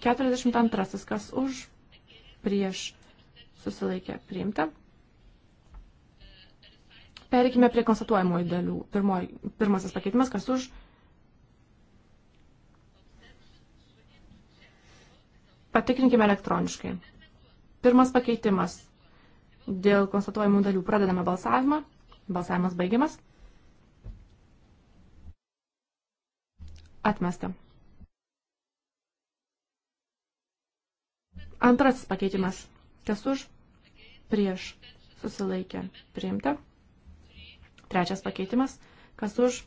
42 kas už, prieš susilaikę priimta. Pereikime prie konstatuojamųjų dalių. Pirmoj, pirmasis pakeitimas, kas už, prieš Patikrinkime elektroniškai. Pirmas pakeitimas. Dėl konstatuojamų dalių pradedame balsavimą. Balsavimas baigiamas. Atmesta. Antrasis pakeitimas. Kas už? Prieš. Susilaikė. Priimta. Trečias pakeitimas. Kas už?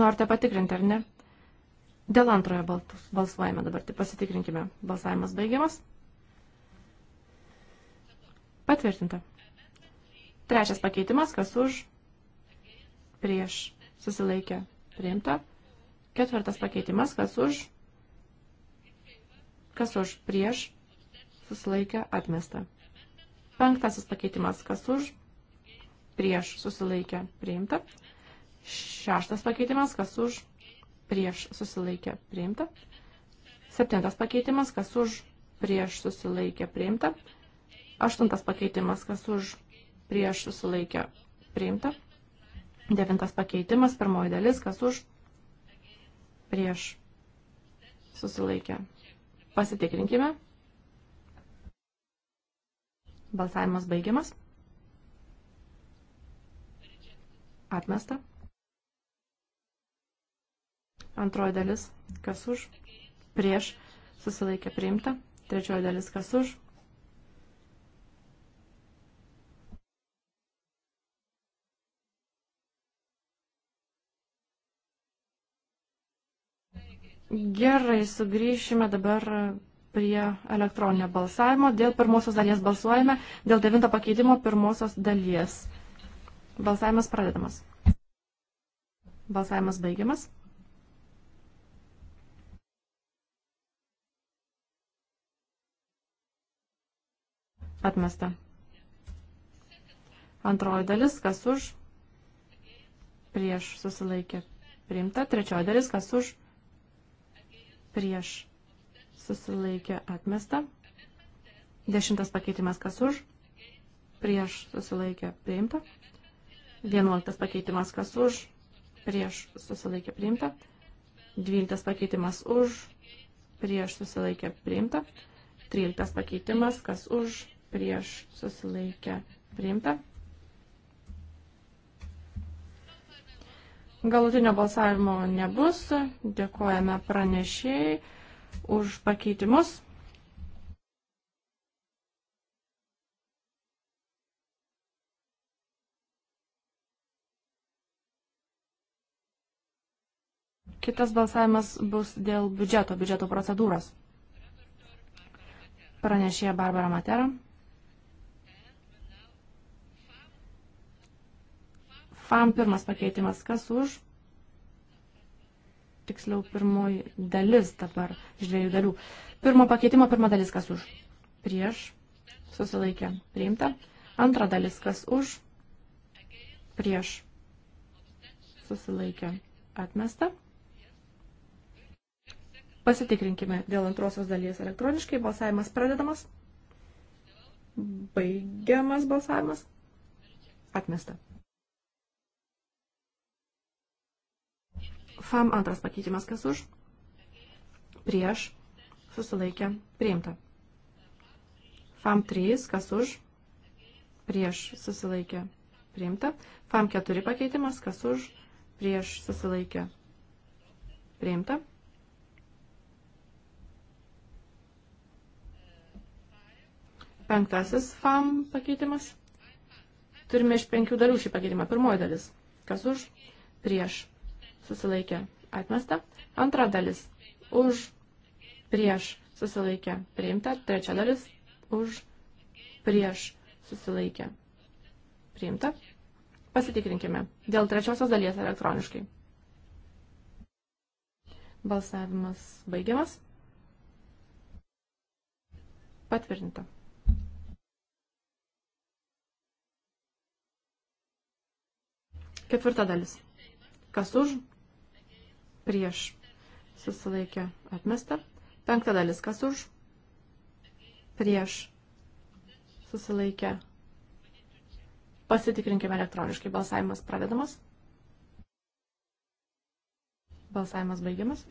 Norite patikrinti, ar ne? Dėl antrojo balsuojame dabar, tai pasitikrinkime. Balsavimas baigiamas. Patvirtinta. Trečias pakeitimas, kas už, prieš, susilaikė, priimta. Ketvirtas pakeitimas, kas už, kas už, prieš, susilaikė, atmesta. Penktasis pakeitimas, kas už, prieš, susilaikė, priimta. Šeštas pakeitimas, kas už, prieš susilaikė priimta. Septintas pakeitimas, kas už prieš susilaikė priimta. Aštuntas pakeitimas, kas už prieš susilaikė priimta. Devintas pakeitimas, pirmoji dalis, kas už prieš susilaikė. Pasitikrinkime. Balsavimas baigiamas. Atmesta. Antroji dalis, kas už, prieš, susilaikė priimta. Trečioji dalis, kas už. Gerai, sugrįšime dabar prie elektroninio balsavimo. Dėl pirmosios dalies balsuojame, dėl devinto pakeitimo pirmosios dalies. Balsavimas pradedamas. Balsavimas baigiamas. Atmesta. Antroji dalis, kas už, prieš susilaikė priimta. Trečioji dalis, kas už, prieš susilaikė atmesta. Dešimtas pakeitimas, kas už, prieš susilaikė priimta. Vienuoliktas pakeitimas, kas už, prieš susilaikė priimta. Dvyliktas pakeitimas už, prieš susilaikė priimta. Tryliktas pakeitimas, kas už, prieš susilaikę priimta. Galutinio balsavimo nebus. Dėkojame pranešėjai už pakeitimus. Kitas balsavimas bus dėl biudžeto, biudžeto procedūros. Pranešė Barbara Matera. FAM pirmas pakeitimas, kas už, tiksliau pirmoji dalis dabar iš dviejų dalių. Pirmo pakeitimo pirma dalis, kas už, prieš, susilaikė, priimta. Antra dalis, kas už, prieš, susilaikė, atmesta. Pasitikrinkime dėl antrosios dalies elektroniškai. Balsavimas pradedamas. Baigiamas balsavimas. Atmesta. FAM antras pakeitimas, kas už, prieš, susilaikė, priimta. FAM 3, kas už, prieš, susilaikė, priimta. FAM 4 pakeitimas, kas už, prieš, susilaikė, priimta. Penktasis FAM pakeitimas. Turime iš penkių dalių šį pakeitimą. Pirmoji dalis, kas už, prieš, susilaikė atmesta. Antra dalis už prieš susilaikė priimta. Trečia dalis už prieš susilaikė priimta. Pasitikrinkime dėl trečiosios dalies elektroniškai. Balsavimas baigiamas. Patvirtinta. Ketvirta dalis. Kas už, prieš susilaikė atmesta. Penkta dalis kas už, prieš susilaikė. Pasitikrinkime elektroniškai. Balsavimas pradedamas. Balsavimas baigiamas.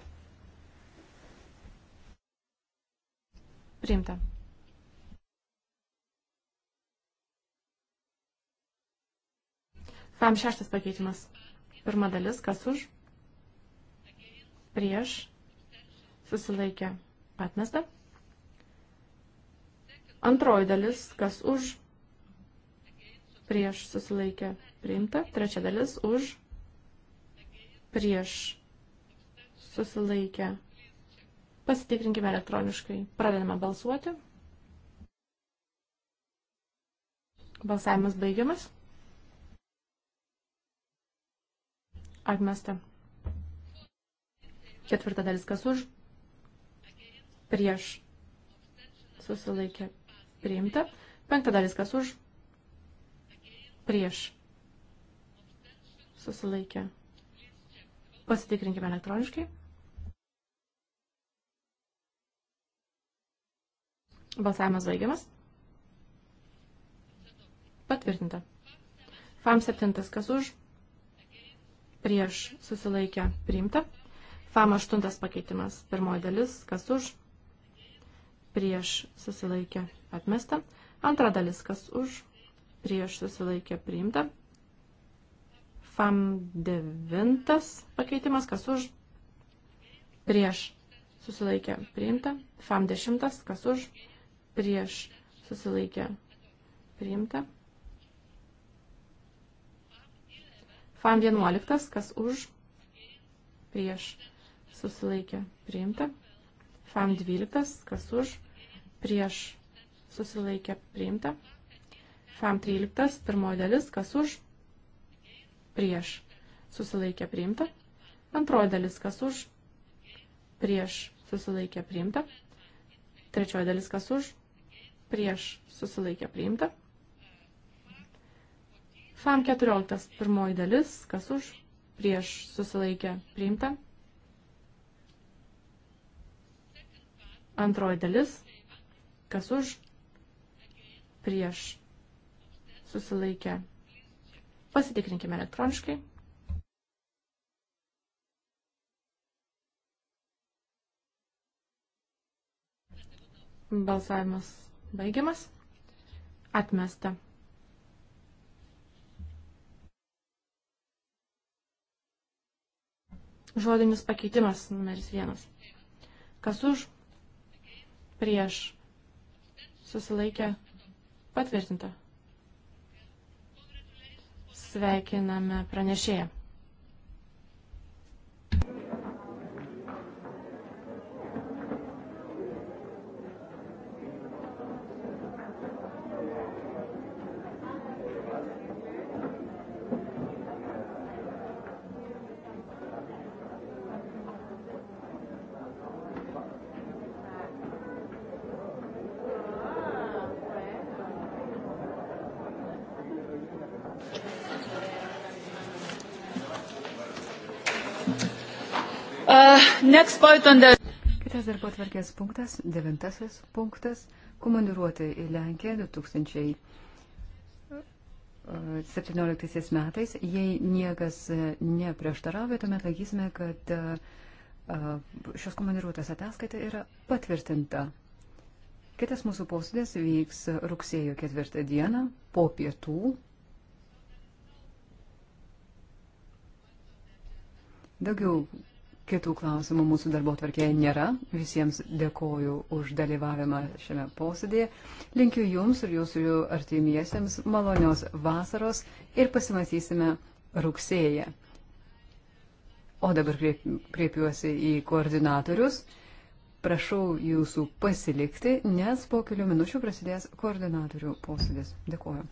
Priimta. Fam šeštas pakeitimas. Pirma dalis, kas už? prieš susilaikė atmesta. Antroji dalis, kas už prieš susilaikė priimta. Trečia dalis už prieš susilaikė. Pasitikrinkime elektroniškai. Pradedame balsuoti. Balsavimas baigiamas. Atmesta. Ketvirta dalis kas už, prieš susilaikė priimta. Penkta dalis kas už, prieš susilaikė. Pasitikrinkime elektroniškai. Balsavimas baigiamas. Patvirtinta. FAM 7 kas už, prieš susilaikę priimta. FAM 8 pakeitimas. Pirmoji dalis, kas už, prieš susilaikė atmesta. Antra dalis, kas už, prieš susilaikė priimta. FAM 9 pakeitimas, kas už, prieš susilaikė priimta. FAM 10, kas už, prieš susilaikė priimta. FAM 11, kas už, prieš susilaikė priimta. FAM 12, kas už, prieš susilaikė priimta. FAM 13, pirmoji dalis, kas už, prieš susilaikė priimta. Antroji dalis, kas už, prieš susilaikė priimta. Trečioji dalis, kas už, prieš susilaikė priimta. FAM 14, pirmoji dalis, kas už, prieš susilaikė priimta. Antroji dalis, kas už, prieš, susilaikę. Pasitikrinkime elektroniškai. Balsavimas baigiamas. Atmesta. Žodinis pakeitimas numeris vienas. Kas už? prieš susilaikė patvirtinta. Sveikiname pranešėją. The... Kitas darbo atvarkės punktas, devintasis punktas, komandiruoti į Lenkiją 2017 e, metais. Jei niekas e, neprieštaravė, tuomet laikysime, kad e, šios komandiruotės ataskaita yra patvirtinta. Kitas mūsų posėdis vyks rugsėjo ketvirtą dieną po pietų. Daugiau Kitų klausimų mūsų darbo tvarkėje nėra. Visiems dėkoju už dalyvavimą šiame posėdėje. Linkiu Jums ir Jūsų artimiesiems malonios vasaros ir pasimatysime rugsėje. O dabar kreipiuosi į koordinatorius. Prašau Jūsų pasilikti, nes po kelių minučių prasidės koordinatorių posėdis. Dėkoju.